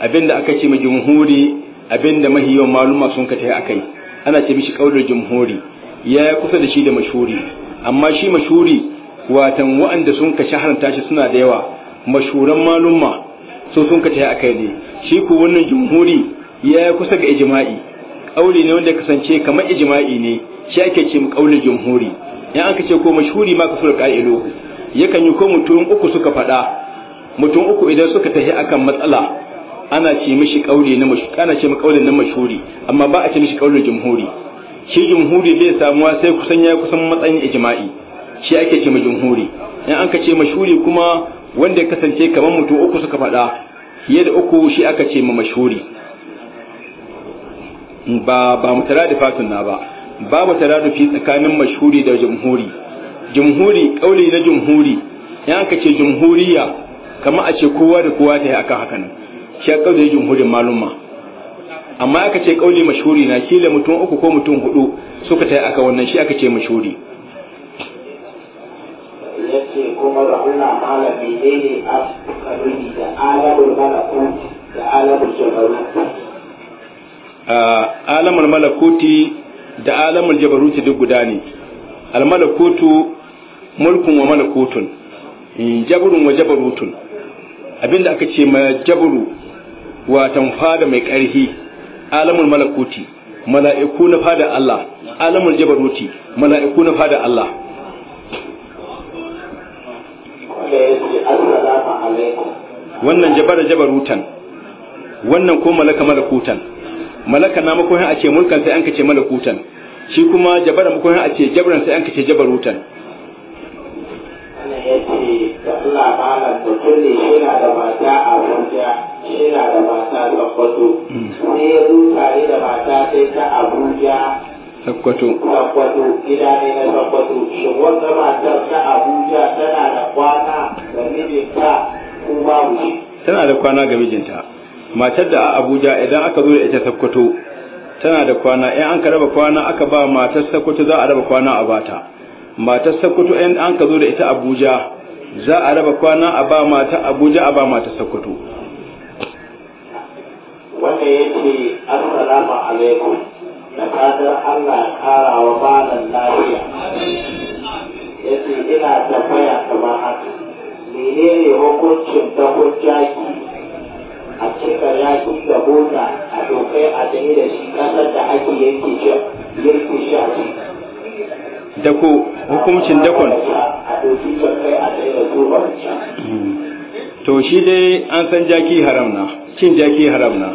Speaker 1: abin da aka ce ma jamhuri abin da mahiyon maluma sun ka ta akai ana ce mishi kaulul jumhuri ya kusa da shi da mashuri, amma shi mashuri watan wa'anda sun ka shaharanta shi suna da yawa mashhuran malumma so sun ka tayi akai ne shi ku wannan jumhuri ya kusa ga ijma'i kauli ne wanda kasance kamar ijma'i ne shi ake ce mu jumhuri in aka ce ko mashuri ma kafur qa'ilu yakan yi ko mutum uku suka faɗa mutum uku idan suka tafi akan matsala ana ce mishi kauli na mashhuri ana ce kaulin na mashhuri amma ba a ce mishi kauli jumhuri shi jumhuri bai samuwa sai kusan ya kusan matsayin ijma'i shi ake ce ma jumhuri in an ka ce mashhuri kuma wanda ya kasance kamar mutu uku suka faɗa fiye da uku shi aka ce ma mashhuri ba ba fatun na ba ba fi tsakanin mashhuri da jumhuri jumhuri kauli na jumhuri in aka ce jumhuriya kama a ce kowa da kowa ta yi akan haka nan shi ya kauli jumhurin malumma amma aka ce kauli mashhuri na kila mutum uku ko mutum hudu suka tai aka wannan shi aka ce mashhuri
Speaker 2: yace da daidai
Speaker 1: a da alamul da malakuti da alamul jabaruti duk guda ne almalakutu mulkun wa malakutun jaburun wa jabarutun abinda aka ce ma jaburu watan fada mai ƙarfi alamul malakuti mala'iku na fada Allah alamul jabaruti mala'iku na fada Allah wannan jabara jabarutan wannan ko malaka malakutan malaka na makohin a ce mulkan sai an kace malakutan shi kuma jabara makohin a ce jabran sai an kace jabarutan
Speaker 2: wannan ya ce da Allah malam mutum ne shi na da mata a wajen yana da mata da ta
Speaker 1: tana da kwana ga mijinta tana da kwana ga mijinta matar da abuja idan aka zo da ita Sakkwato tana da kwana in an ka raba kwana aka ba matar sakkwato za a raba kwana a bata matar sakkwato in an ka zo da ita abuja za a raba kwana a ba mata abuja a ba mata sakkwato
Speaker 2: wanda ya ce assalamu alaikum da fadar Allah kara wa malam lafiya ya ce ina tambaya kamar haka menene hukuncin da hujjaki a cika yakin da bota a dokai a dani da shi kasar da ake yanke ce yanke shi
Speaker 1: dako hukuncin dakon a
Speaker 2: kai a da hmm.
Speaker 1: to shi dai an san jaki haram na cin jaki haram na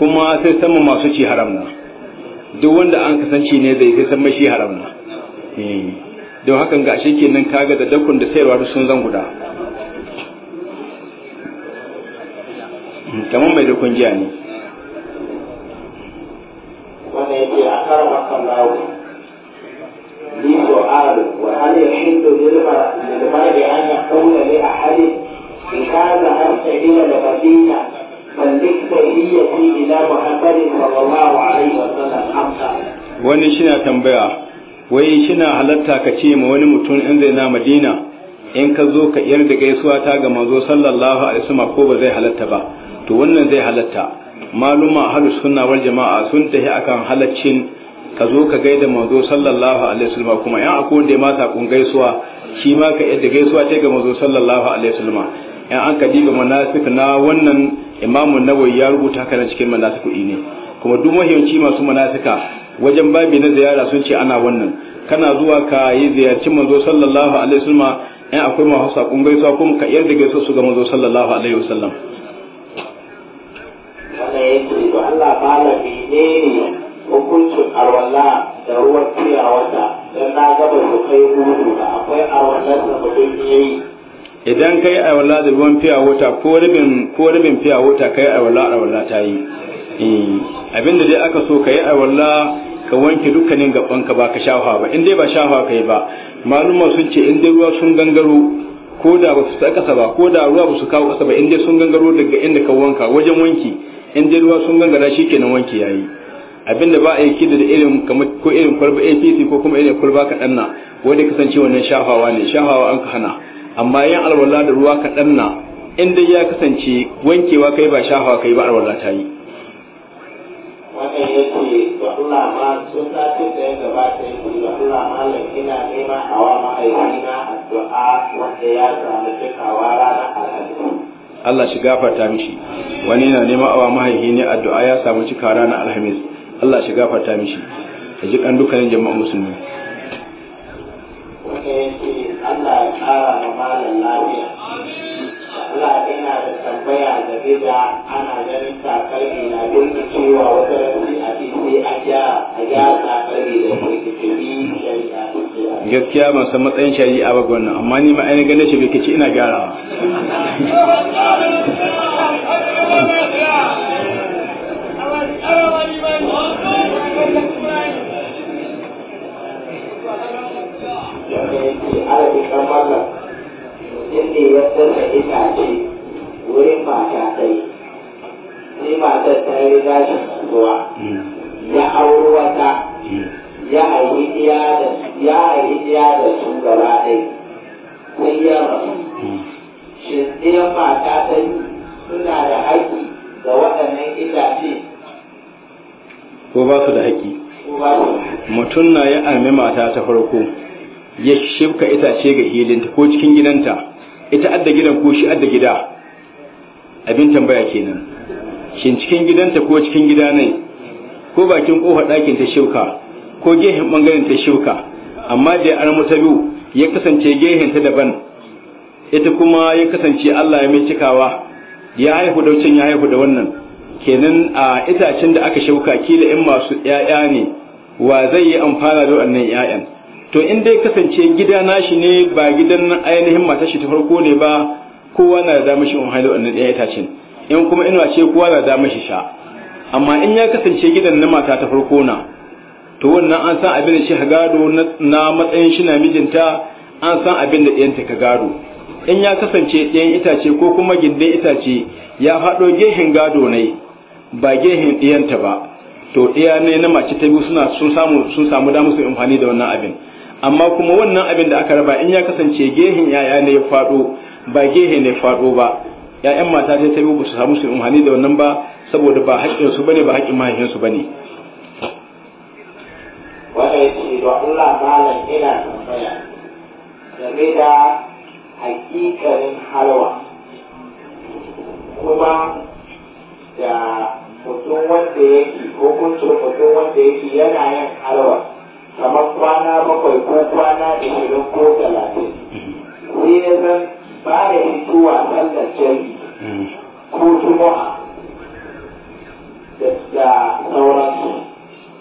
Speaker 1: kuma sai sama masu ci haram na duk wanda an kasance ne zai sai san shi haram na eh, don hakan ga shi kenan kaga da dakon da sayarwa da sun zan guda hmm, kamar mai dakon jiya ne
Speaker 2: Wani yake a karwa kan lawo ليسوا عارض وهل يحد للمرء أن يقول لأحد إن كان أنت إلى لبديك wani
Speaker 1: shina tambaya wai shina halatta ka ce ma wani mutum in zai na madina in ka zo ka yar da gaisuwa ta ga manzo sallallahu alaihi wasallam ko ba zai halatta ba to wannan zai halatta maluma halus sunna wal jama'a sun tahi akan halaccin ka zo ka gaida manzo sallallahu alaihi wasallam kuma yan akwai da ma sakon gaisuwa shi ma ka yar da gaisuwa ta ga manzo sallallahu alaihi wasallam in an ka diga manasik na wannan imamu nawai ya rubuta haka cikin manasiku ne kuma duk mahimmanci masu manasika wajen babi na ziyara sun ce ana wannan kana zuwa ka yi ziyarci manzo sallallahu alaihi wasallam in akwai hausa kun gaisuwa kuma ka yarda gaisuwa su ga manzo sallallahu alaihi wasallam
Speaker 2: wannan yake da Allah bi ne hukuncin arwala da ruwan tiyawarta don na gaba su kai gudu da akwai arwalar da mutum ya yi
Speaker 1: idan kai alwala da ruwan fiya wuta ko rabin ko rubin fiya wuta kai a alwala ta yi eh, abinda dai aka so kai walla ka wanke dukkanin gaban ka ba ka shafa ba in dai ba shafa kai ba maluma sun ce in dai ruwa sun gangaro ko da ba su ta kasa ba ko da ruwa ba su kawo kasa ba in dai sun gangaro daga inda ka wanka wajen wanki in dai ruwa sun gangara shikenan wanki yayi abinda ba a yi kida da irin kamar ko irin kwalba APC ko kuma irin kwalba kaɗan na wanda kasancewa wannan shafawa ne shafawa an ka hana amma yin alwala da ruwa kaɗan na in dai ya kasance wankewa kai ba shahawa kai ba alwala ta yi
Speaker 2: wannan ya ce ga Allah ma sun sati da ya gabata ya ce ga Allah malam nema a wa ma'aikina addu'a wanda ya samu cikawa ranar
Speaker 1: alhamis Allah shi gafarta mishi wani yana nema awa mahaifi ne addu'a ya samu cika ranar alhamis Allah shi gafarta mishi ka ji kan dukkanin jama'a musulmi
Speaker 2: Wani ya ce Allah ya kara ana ganin takalmi na dinka cewa wata rauni a cikin a gyara a gyara takalmi da rikicin shari'a gaskiya
Speaker 1: ban san matsayin a ba wannan amma ni ma ainihin ganin shi bai kici ina gyarawa
Speaker 2: Thank you. wurin mata sai ya riga shi zuwa ya auri wata ya auri iya da ya auri iya da su gaba ɗai sai ya rasu shi ɗayan mata ɗai suna da haƙƙi ga waɗannan itace
Speaker 1: ko ba su da haƙƙi mutum na ya armi mata ta farko ya shifka itace ga hilinta ko cikin gidanta ita adda gidan ko shi adda gida abin tambaya kenan shin cikin gidanta ko cikin gida ne ko bakin kofar ɗakin ta shuka ko gehen ɓangaren ta shuka amma da an mutabu ya kasance gehen ta daban ita kuma ya kasance Allah ya mai cikawa ya haihu da ya haihu da wannan kenan a itacen da aka shuka kila in masu ƴaƴa ne wa zai yi amfana da wannan ƴaƴan to in dai kasance gida nashi ne ba gidan ainihin matar shi ta farko ne ba kowa na da damar shi wannan ɗaya itacen in kuma ina ce kowa ya za mashi sha amma in ya kasance gidan na mata ta farko na to wannan an san abin da shi gado na matsayin shi na mijinta an san abin da ɗiyanta ka gado in ya kasance ɗayan itace ko kuma gindin itace ya haɗo gehen gado ne ba gehen ɗiyanta ba to ɗaya ne na mace ta biyu sun samu sun samu damar su amfani da wannan abin amma kuma wannan abin da aka raba in ya kasance gehen yaya ne ya faɗo ba gehe ne faɗo ba ƴaƴan mata dai ta yi ba su samu su umhani da wannan ba saboda ba haƙƙin su bane ba haƙƙin mahaifin su bane
Speaker 2: wanda yake da Allah malam ina tambaya game da hakikarin halwa kuma da mutum wanda yake ko kuncin mutum wanda yake yana yin halwa kamar kwana bakwai ko kwana ishirin ko talatin sai ya zan ba ya fitowa sallar jari ko juma'a da sauransu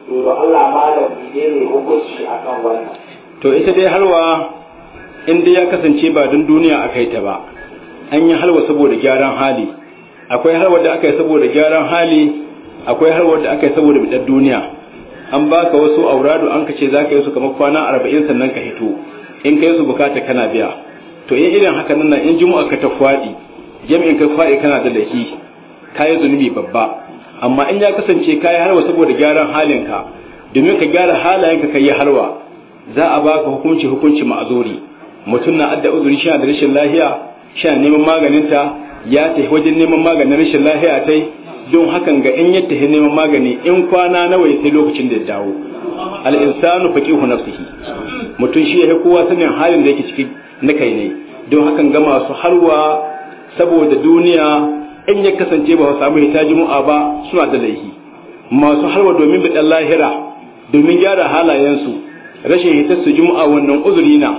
Speaker 2: to Allah malami ne mai hukunci akan wannan
Speaker 1: to ita dai halwa in dai ya kasance ba don duniya a kai ta ba an yi halwa saboda gyaran hali akwai halwa da aka yi saboda gyaran hali akwai halwa da aka yi saboda bidar duniya an baka wasu auradu an ka ce za ka yi su kamar kwana arba'in sannan ka hito in ka yi su bukata kana biya to yin irin haka nan in juma'a ka ta fadi jami'in ka fadi kana da laki kayi zunubi babba amma in ya kasance kayi harwa saboda gyaran halin ka. domin ka gyara halayenka ka yi harwa za a baka hukunci hukunci ma'azuri mutum na adda uzuri shi da rashin lahiya shi neman maganinta ya ta wajen neman maganin rashin lahiya tai don hakan ga in ya neman magani in kwana nawa ya sai lokacin da ya dawo al insanu faqihu nafsihi mutum shi ya kowa sanin halin da yake ciki na kai ne don hakan ga masu harwa saboda duniya in ya kasance ba su samu hita mu'a ba suna da laifi masu harwa domin bidan lahira domin gyara halayensu rashin hitar su juma'a wannan uzuri na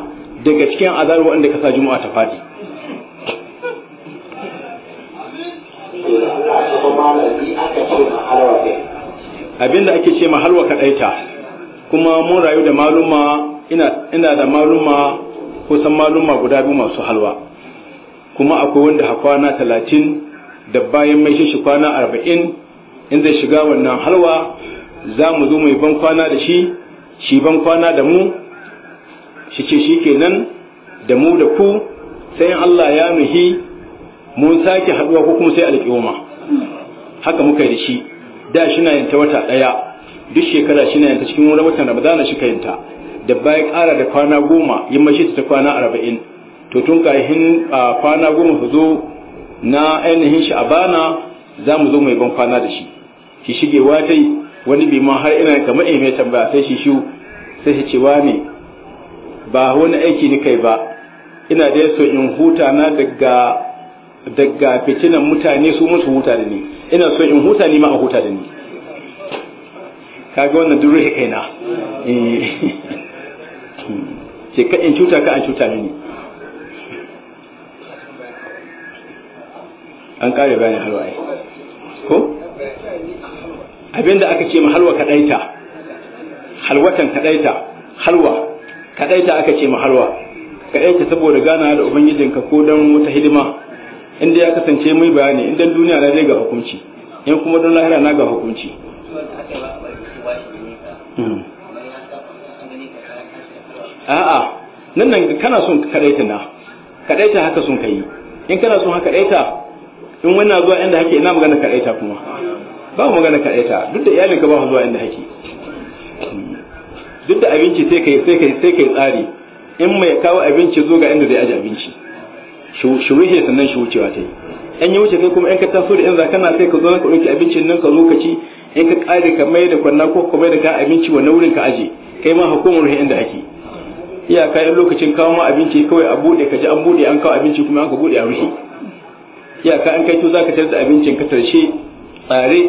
Speaker 1: daga cikin azabar wanda ka sa juma'a ta fadi kuma abinda ake ce ma halwa kadaita kuma mun rayu da maluma ina da maluma kusan maluma guda biyu masu halwa kuma akwai wanda ha kwana talatin da bayan mai shi kwana arba'in in zai shiga wannan halwa za mu zo mai ban kwana da shi shi ban kwana da mu shi ce shi kenan da mu da ku sai Allah ya nuhi mun sake haɗuwa ko kuma sai alƙiwama haka muka yi da shi da shi na yanta wata ɗaya duk shekara shi na yanta cikin wani watan ramadana shi ka yanta da bayan kara da kwana goma yi mashi ta kwana arba'in to tun kahin kwana goma su zo na ainihin shi a bana za mu zo mai ban kwana da shi shi shige watai wani biman har ina kamar in mai tambaya sai shi shu sai shi cewa ne ba wani aiki ni kai ba ina da so in huta na daga daga fitinan mutane su musu huta da ni ina so in huta ni ma a huta da ni kaga wannan duk ruhi kaina ce eh. ka in cuta ka an cuta ni. an kare bayan halwa ai
Speaker 2: ko abinda aka ce ma halwa
Speaker 1: kadaita halwatan kadaita halwa kadaita aka ce ma halwa kadaita saboda gana da ubangijinka ko dan wata hidima inda ya kasance mai bayani inda duniya na zai ga hukunci in kuma don lahira na ga hukunci a'a nan nan kana son kadaita na kadaita haka sun kai in kana son haka kadaita in wannan zuwa inda hake ina magana kadaita kuma ba magana kadaita duk da ka ba zuwa inda hake duk da abinci sai kai sai kai sai kai tsari in mai kawo abinci zo ga inda zai aje abinci shi ruhe sannan shi wucewa ta yi an yi wuce kai kuma in ka taso da in za kana sai ka zo ka ɗauki abincin nan ka zo ka ci in ka ƙare ka mai da kwanna ko ka mai da ka abinci wa wurin ka aje kai ma hukumar ruhe inda ake ka yi lokacin kawo ma abinci kawai a buɗe ka ji an buɗe an kawo abinci kuma an ka buɗe a ruhe ka an kai to za ka tarar abincin ka tarshe tsare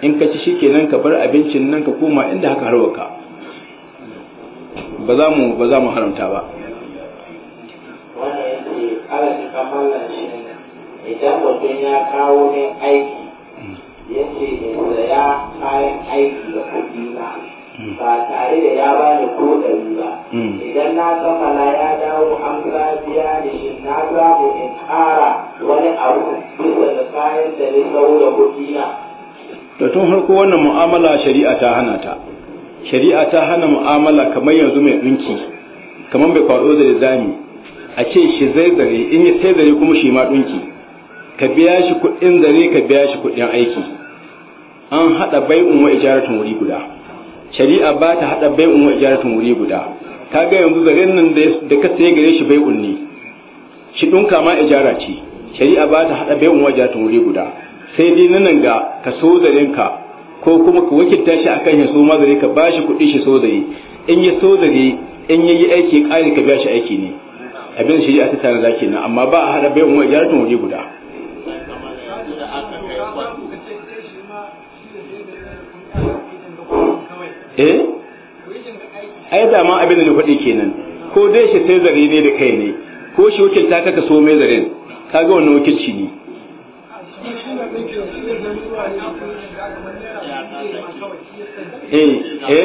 Speaker 1: in ka ci shi nan ka bar abincin nan ka koma inda haka harwa ka ba za mu haramta ba
Speaker 2: wannan yake kala kamar mallan ne idan mutum ya kawo ne aiki yake da in kayan aiki da kuɗi na ba tare da ya bani ko ɗari ba hmm. idan na kammala ya dawo an gajiya da shi na samu in ƙara wani abu bisa da kayan da ni sau da kuɗi na.
Speaker 1: da tun harko wannan mu'amala shari'a ta hana ta shari'a ta hana mu'amala kamar yanzu mai ɗinki kamar bai kwaɗo da zami a ce shi zai zare in ya sai zare kuma shi ma ka biya shi kuɗin zare ka biya shi kuɗin aiki an haɗa bai'un wa ijaratun wuri guda shari'a ba ta haɗa bai'un wa ijaratun wuri guda ka ga yanzu zaren nan da ka sai gare shi bai'un ne shi ɗunka ma ijara ce shari'a ba ta haɗa bai'un wa ijaratun wuri guda sai dai nan ga ka so zaren ka ko kuma ka wakilta shi akan ya so ma zare ka ba shi kuɗi shi so zare in ya so zare in yayi aiki ƙari ka biya shi aiki ne abin shi ta tattara zaki nan amma ba a hada bai umar jaratun waje guda eh ai da ma abin da na kenan ko dai shi sai zare ne da kai ne ko shi wakilta kaka so mai zaren kaga wannan wakilci ne
Speaker 2: eh eh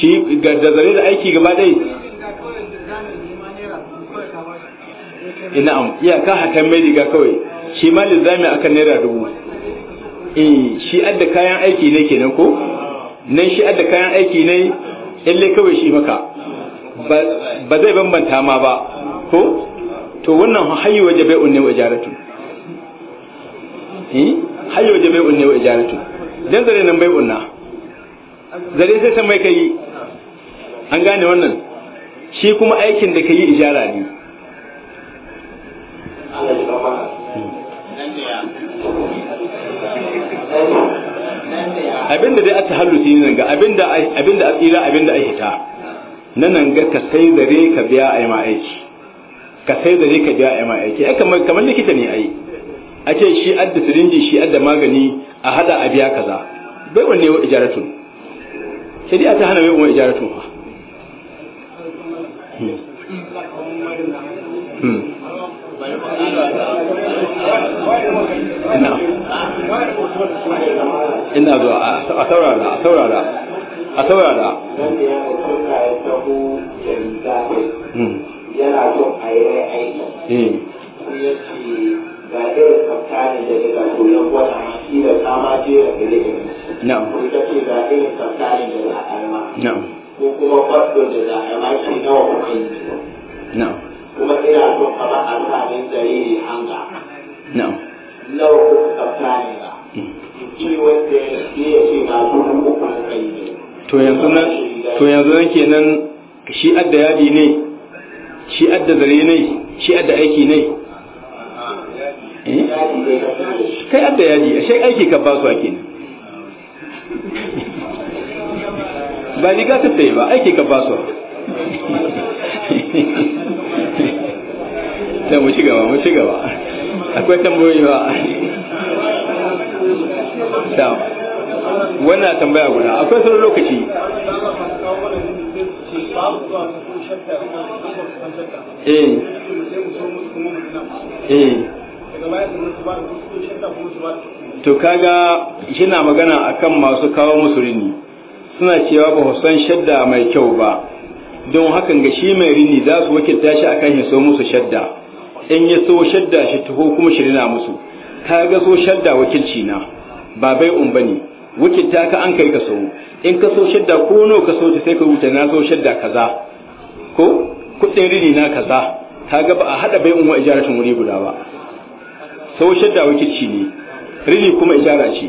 Speaker 1: shi ga da zare da aiki gaba dai
Speaker 2: na'am iyaka hatan
Speaker 1: mai riga kawai shi ma lizami akan naira dubu eh shi adda kayan aiki ne kenan ko nan shi adda kayan aiki ne lalle kawai shi maka ba zai bambanta ma ba ko to wannan hayyu waje bai unne wa ijaratu eh hayyu waje bai unne wa ijaratu dan zare nan bai unna zare sai ta mai kai an gane wannan shi kuma aikin da kai ijara ne
Speaker 2: abinda dai a tahallusi
Speaker 1: nan ga abinda da a tsira abinda a hita nan ga ka sai da re ka biya a ma aiki ka sai da re ka biya a ma aiki ya kamar kamar likita ne a yi. a ce shi adda sirinji shi adda magani a hada a biya kaza bai wanne wa ijaratun a ta hana bai ijaratun fa
Speaker 2: hmm. Hmm. ina
Speaker 1: zuwa a saurara a saurara a saurara
Speaker 2: yana so a yi aiki ya ce da da da ko ce da yi ma ko kuma farko da a yi nawa ko mm. to yanzu nan to
Speaker 1: nan kenan shi adda yadi ne shi adda zare ne shi adda aiki ne
Speaker 2: eh? kai adda
Speaker 1: yadi a shai aiki ka ba su ake ne ba riga ta ba aiki ka ba su sai mu ci gaba mu ci gaba akwai tambayoyi ba
Speaker 2: ta wannan tambaya guda akwai sauran lokaci eh eh
Speaker 1: to kaga yana magana akan masu kawo musu rini suna cewa ba su san shadda mai kyau ba don hakan ga shi mai rini za su wakilta shi akan ya so musu shadda in ya so shadda shi tuho kuma shi rina musu ka ga so shadda wakilci na ba bai un bane wakilta ka an kai ka so in ka so shadda ko no ka so sai ka rubuta na so shadda kaza ko kudin rini na kaza ka ga ba a hada bai un wa ijaratun wuri guda ba so shadda wakilci ne rini kuma ijara ce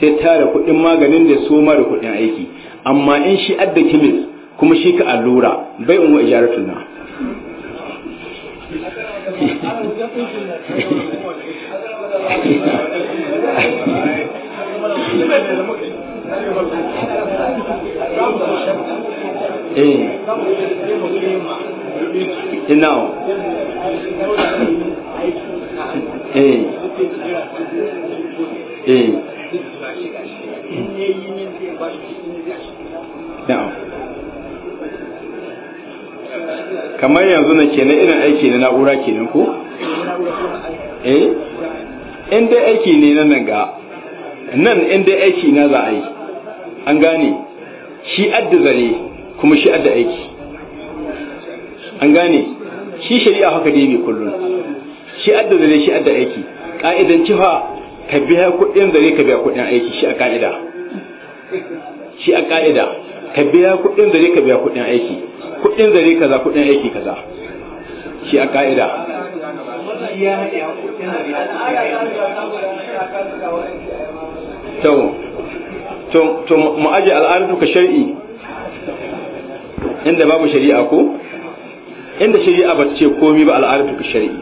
Speaker 1: sai tara kuɗin maganin da su mara kuɗin aiki amma in shi adda kimis kuma shi ka allura bai unwa ijaratul na
Speaker 2: eh eh, eh. kamar yanzu na na irin aiki na na'ura kenan ko
Speaker 1: eh in dai aiki ne na nan ga nan in dai aiki na za a yi an gane shi adda zare kuma shi adda aiki an gane shi shari'a haka dai ne kullum shi adda zare shi adda aiki ka'idan cifa ka biya kuɗin zare ka biya kuɗin aiki shi a ka'ida shi a ka'ida ka biya kuɗin zare ka biya kuɗin aiki kuɗin zare kaza kuɗin aiki kaza shi a ka'ida to mu aje al'adu ka shari'i inda babu shari'a ko inda shari'a ba ta ce komi ba al'adu ka shari'i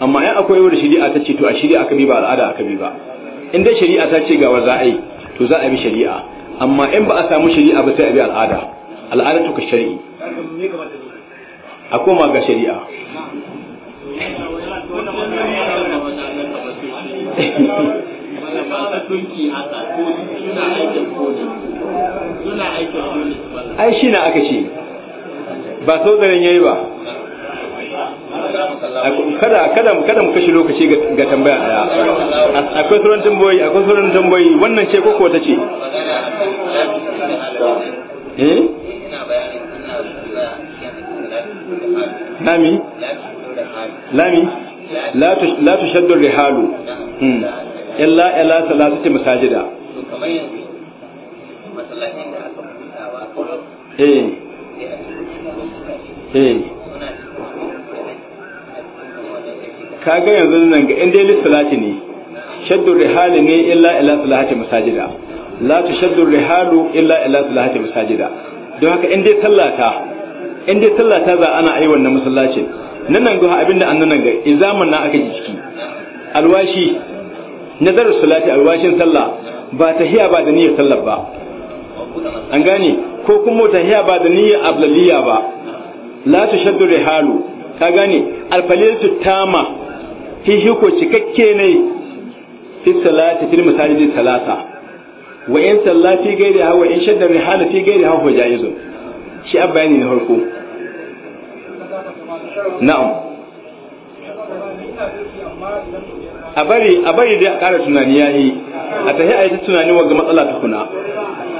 Speaker 1: amma in akwai wani shari'a ta ce to a shari'a aka bi ba al'ada aka bi ba inda shari'a ta ce ga wa za a yi to za a bi shari'a amma in ba a samu shari'a ba sai a bi al'ada al'ada tuka shari'i a koma ga shari'a
Speaker 2: ai shi na aka ce
Speaker 1: ba so zaren yayi ba kada kada kada mu kashe lokaci ga tambaya daya akwai sauran tamboyi akwai sauran tamboyi wannan ce koko ta ce
Speaker 2: eh la rihalu hmm. illa masajida masallacin da aka ka ga yanzu
Speaker 1: nan ga in dai salati ne shaddu rihali ne illa ila salati masajida la shaddu rihalu illa ila salati masajida don haka in dai sallata in dai sallata za ana ai wannan masallacin nan nan ga abinda annan nan ga izaman na aka jiki alwashi nazar salati alwashin sallah ba tahiya ba da niyyar sallar ba an gane ko kuma tahiya ba da niyyar ablaliya ba la shaddu rihalu ka gane alfalilatu tama hihiko cikakke ne fi salati fil masajidi salasa wa in salati gairi ha wa in shaddar rihala fi gairi ha huwa jaizun shi abba ne na farko
Speaker 2: na'am a bari
Speaker 1: a bari dai a ƙara tunani yayi a tahi a yi ta tunani matsala ta kuna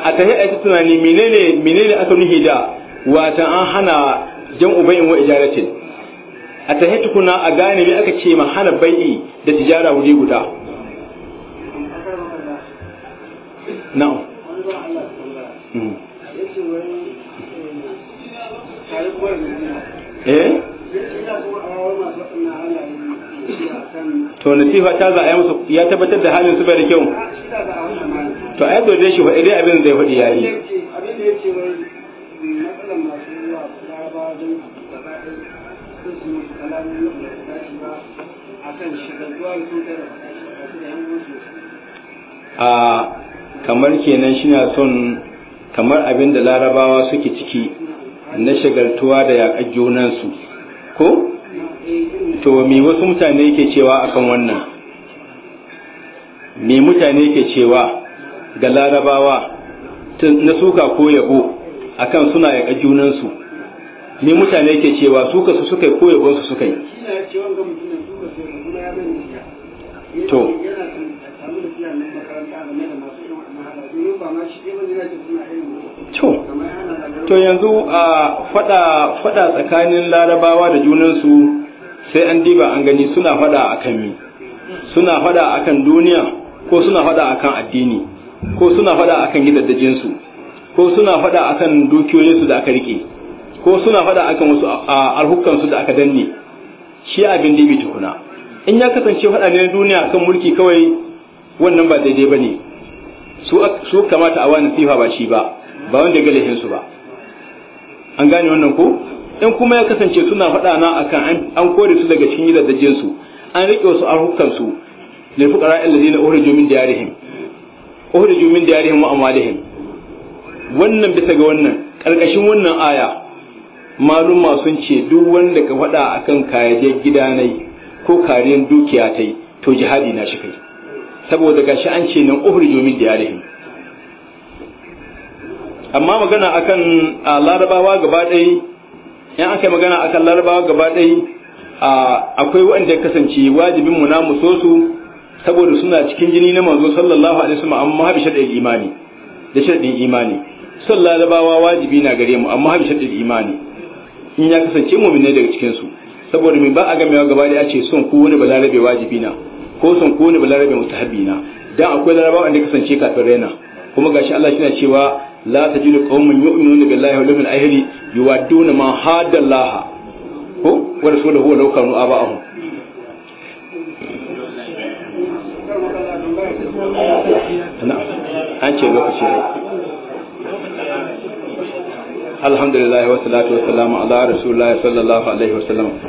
Speaker 1: a tahi a yi ta tunani menene menene aka nuhi da wata an hana jan ubayin wa ijaratin a tahi kuna a gane me aka ce ma hana bai'i da tijara wuri guda
Speaker 2: na'am hmm. eh to tifa ta za a yi musu ya tabbatar da halin su bai da kyau to ai dole shi faɗi dai abin zai faɗi yayi abin da yake wai matsalan masu zuwa larabawa don gaba ɗaya
Speaker 1: a kamar kenan shina son kamar abin da larabawa suke ciki na shagaltuwa da yaƙar junansu ko to me wasu mutane ke cewa akan wannan me mutane ke cewa ga larabawa na suka ko yabo akan suna yaƙar junansu ne mutane ke cewa su suka yi koyarwarsu suka yi
Speaker 2: to to yanzu a fada
Speaker 1: fada tsakanin larabawa da junansu sai an diba an gani suna fada akan mi suna fada akan duniya ko suna fada akan addini ko suna fada akan gidaddajinsu ko suna fada akan dukiyoyinsu da aka rike ko suna faɗa akan wasu alhukansu da aka danne shi abin da bi tukuna in ya kasance faɗa ne duniya kan mulki kawai wannan ba daidai ba ne su kamata a wani sifa ba shi ba ba wanda ga su ba an gane wannan ko in kuma ya kasance suna faɗa na akan an kore su daga cikin gidajen su an rike wasu arhukan su lil fuqara alladhina uhriju min diyarihim uhriju min diyarihim wa amwalihim wannan bisa ga wannan karkashin wannan aya maluma sun ce duk wanda ka faɗa akan kariyar gidanai ko kariyar dukiya ta yi to jihadi na shi kai saboda gashi an ce nan ofri domin da yarihim amma magana akan larabawa gaba ɗaya yan aka yi magana akan larabawa gaba ɗaya akwai wanda ya kasance wajibin mu na mu so su saboda suna cikin jini na manzo sallallahu alaihi wasallam amma habi shaddin imani da shaddin imani sallallahu larabawa wajibi na gare mu amma habi shaddin imani in ya kasance mu'minai daga cikin su saboda min ba a ga mewa gaba da a ce son ku wani balarabe wajibi na ko son ku wani balarabe mutahabbi na dan akwai laraba wanda kasance kafin raina kuma gashi Allah yana cewa la tajidu qauman yu'minuna billahi wal yawmil akhir yuwadduna ma hada Allah ko wa rasuluhu wa law kanu aba'ahum
Speaker 2: an ce lokaci ne الحمد لله والصلاة والسلام على رسول الله صلى الله عليه وسلم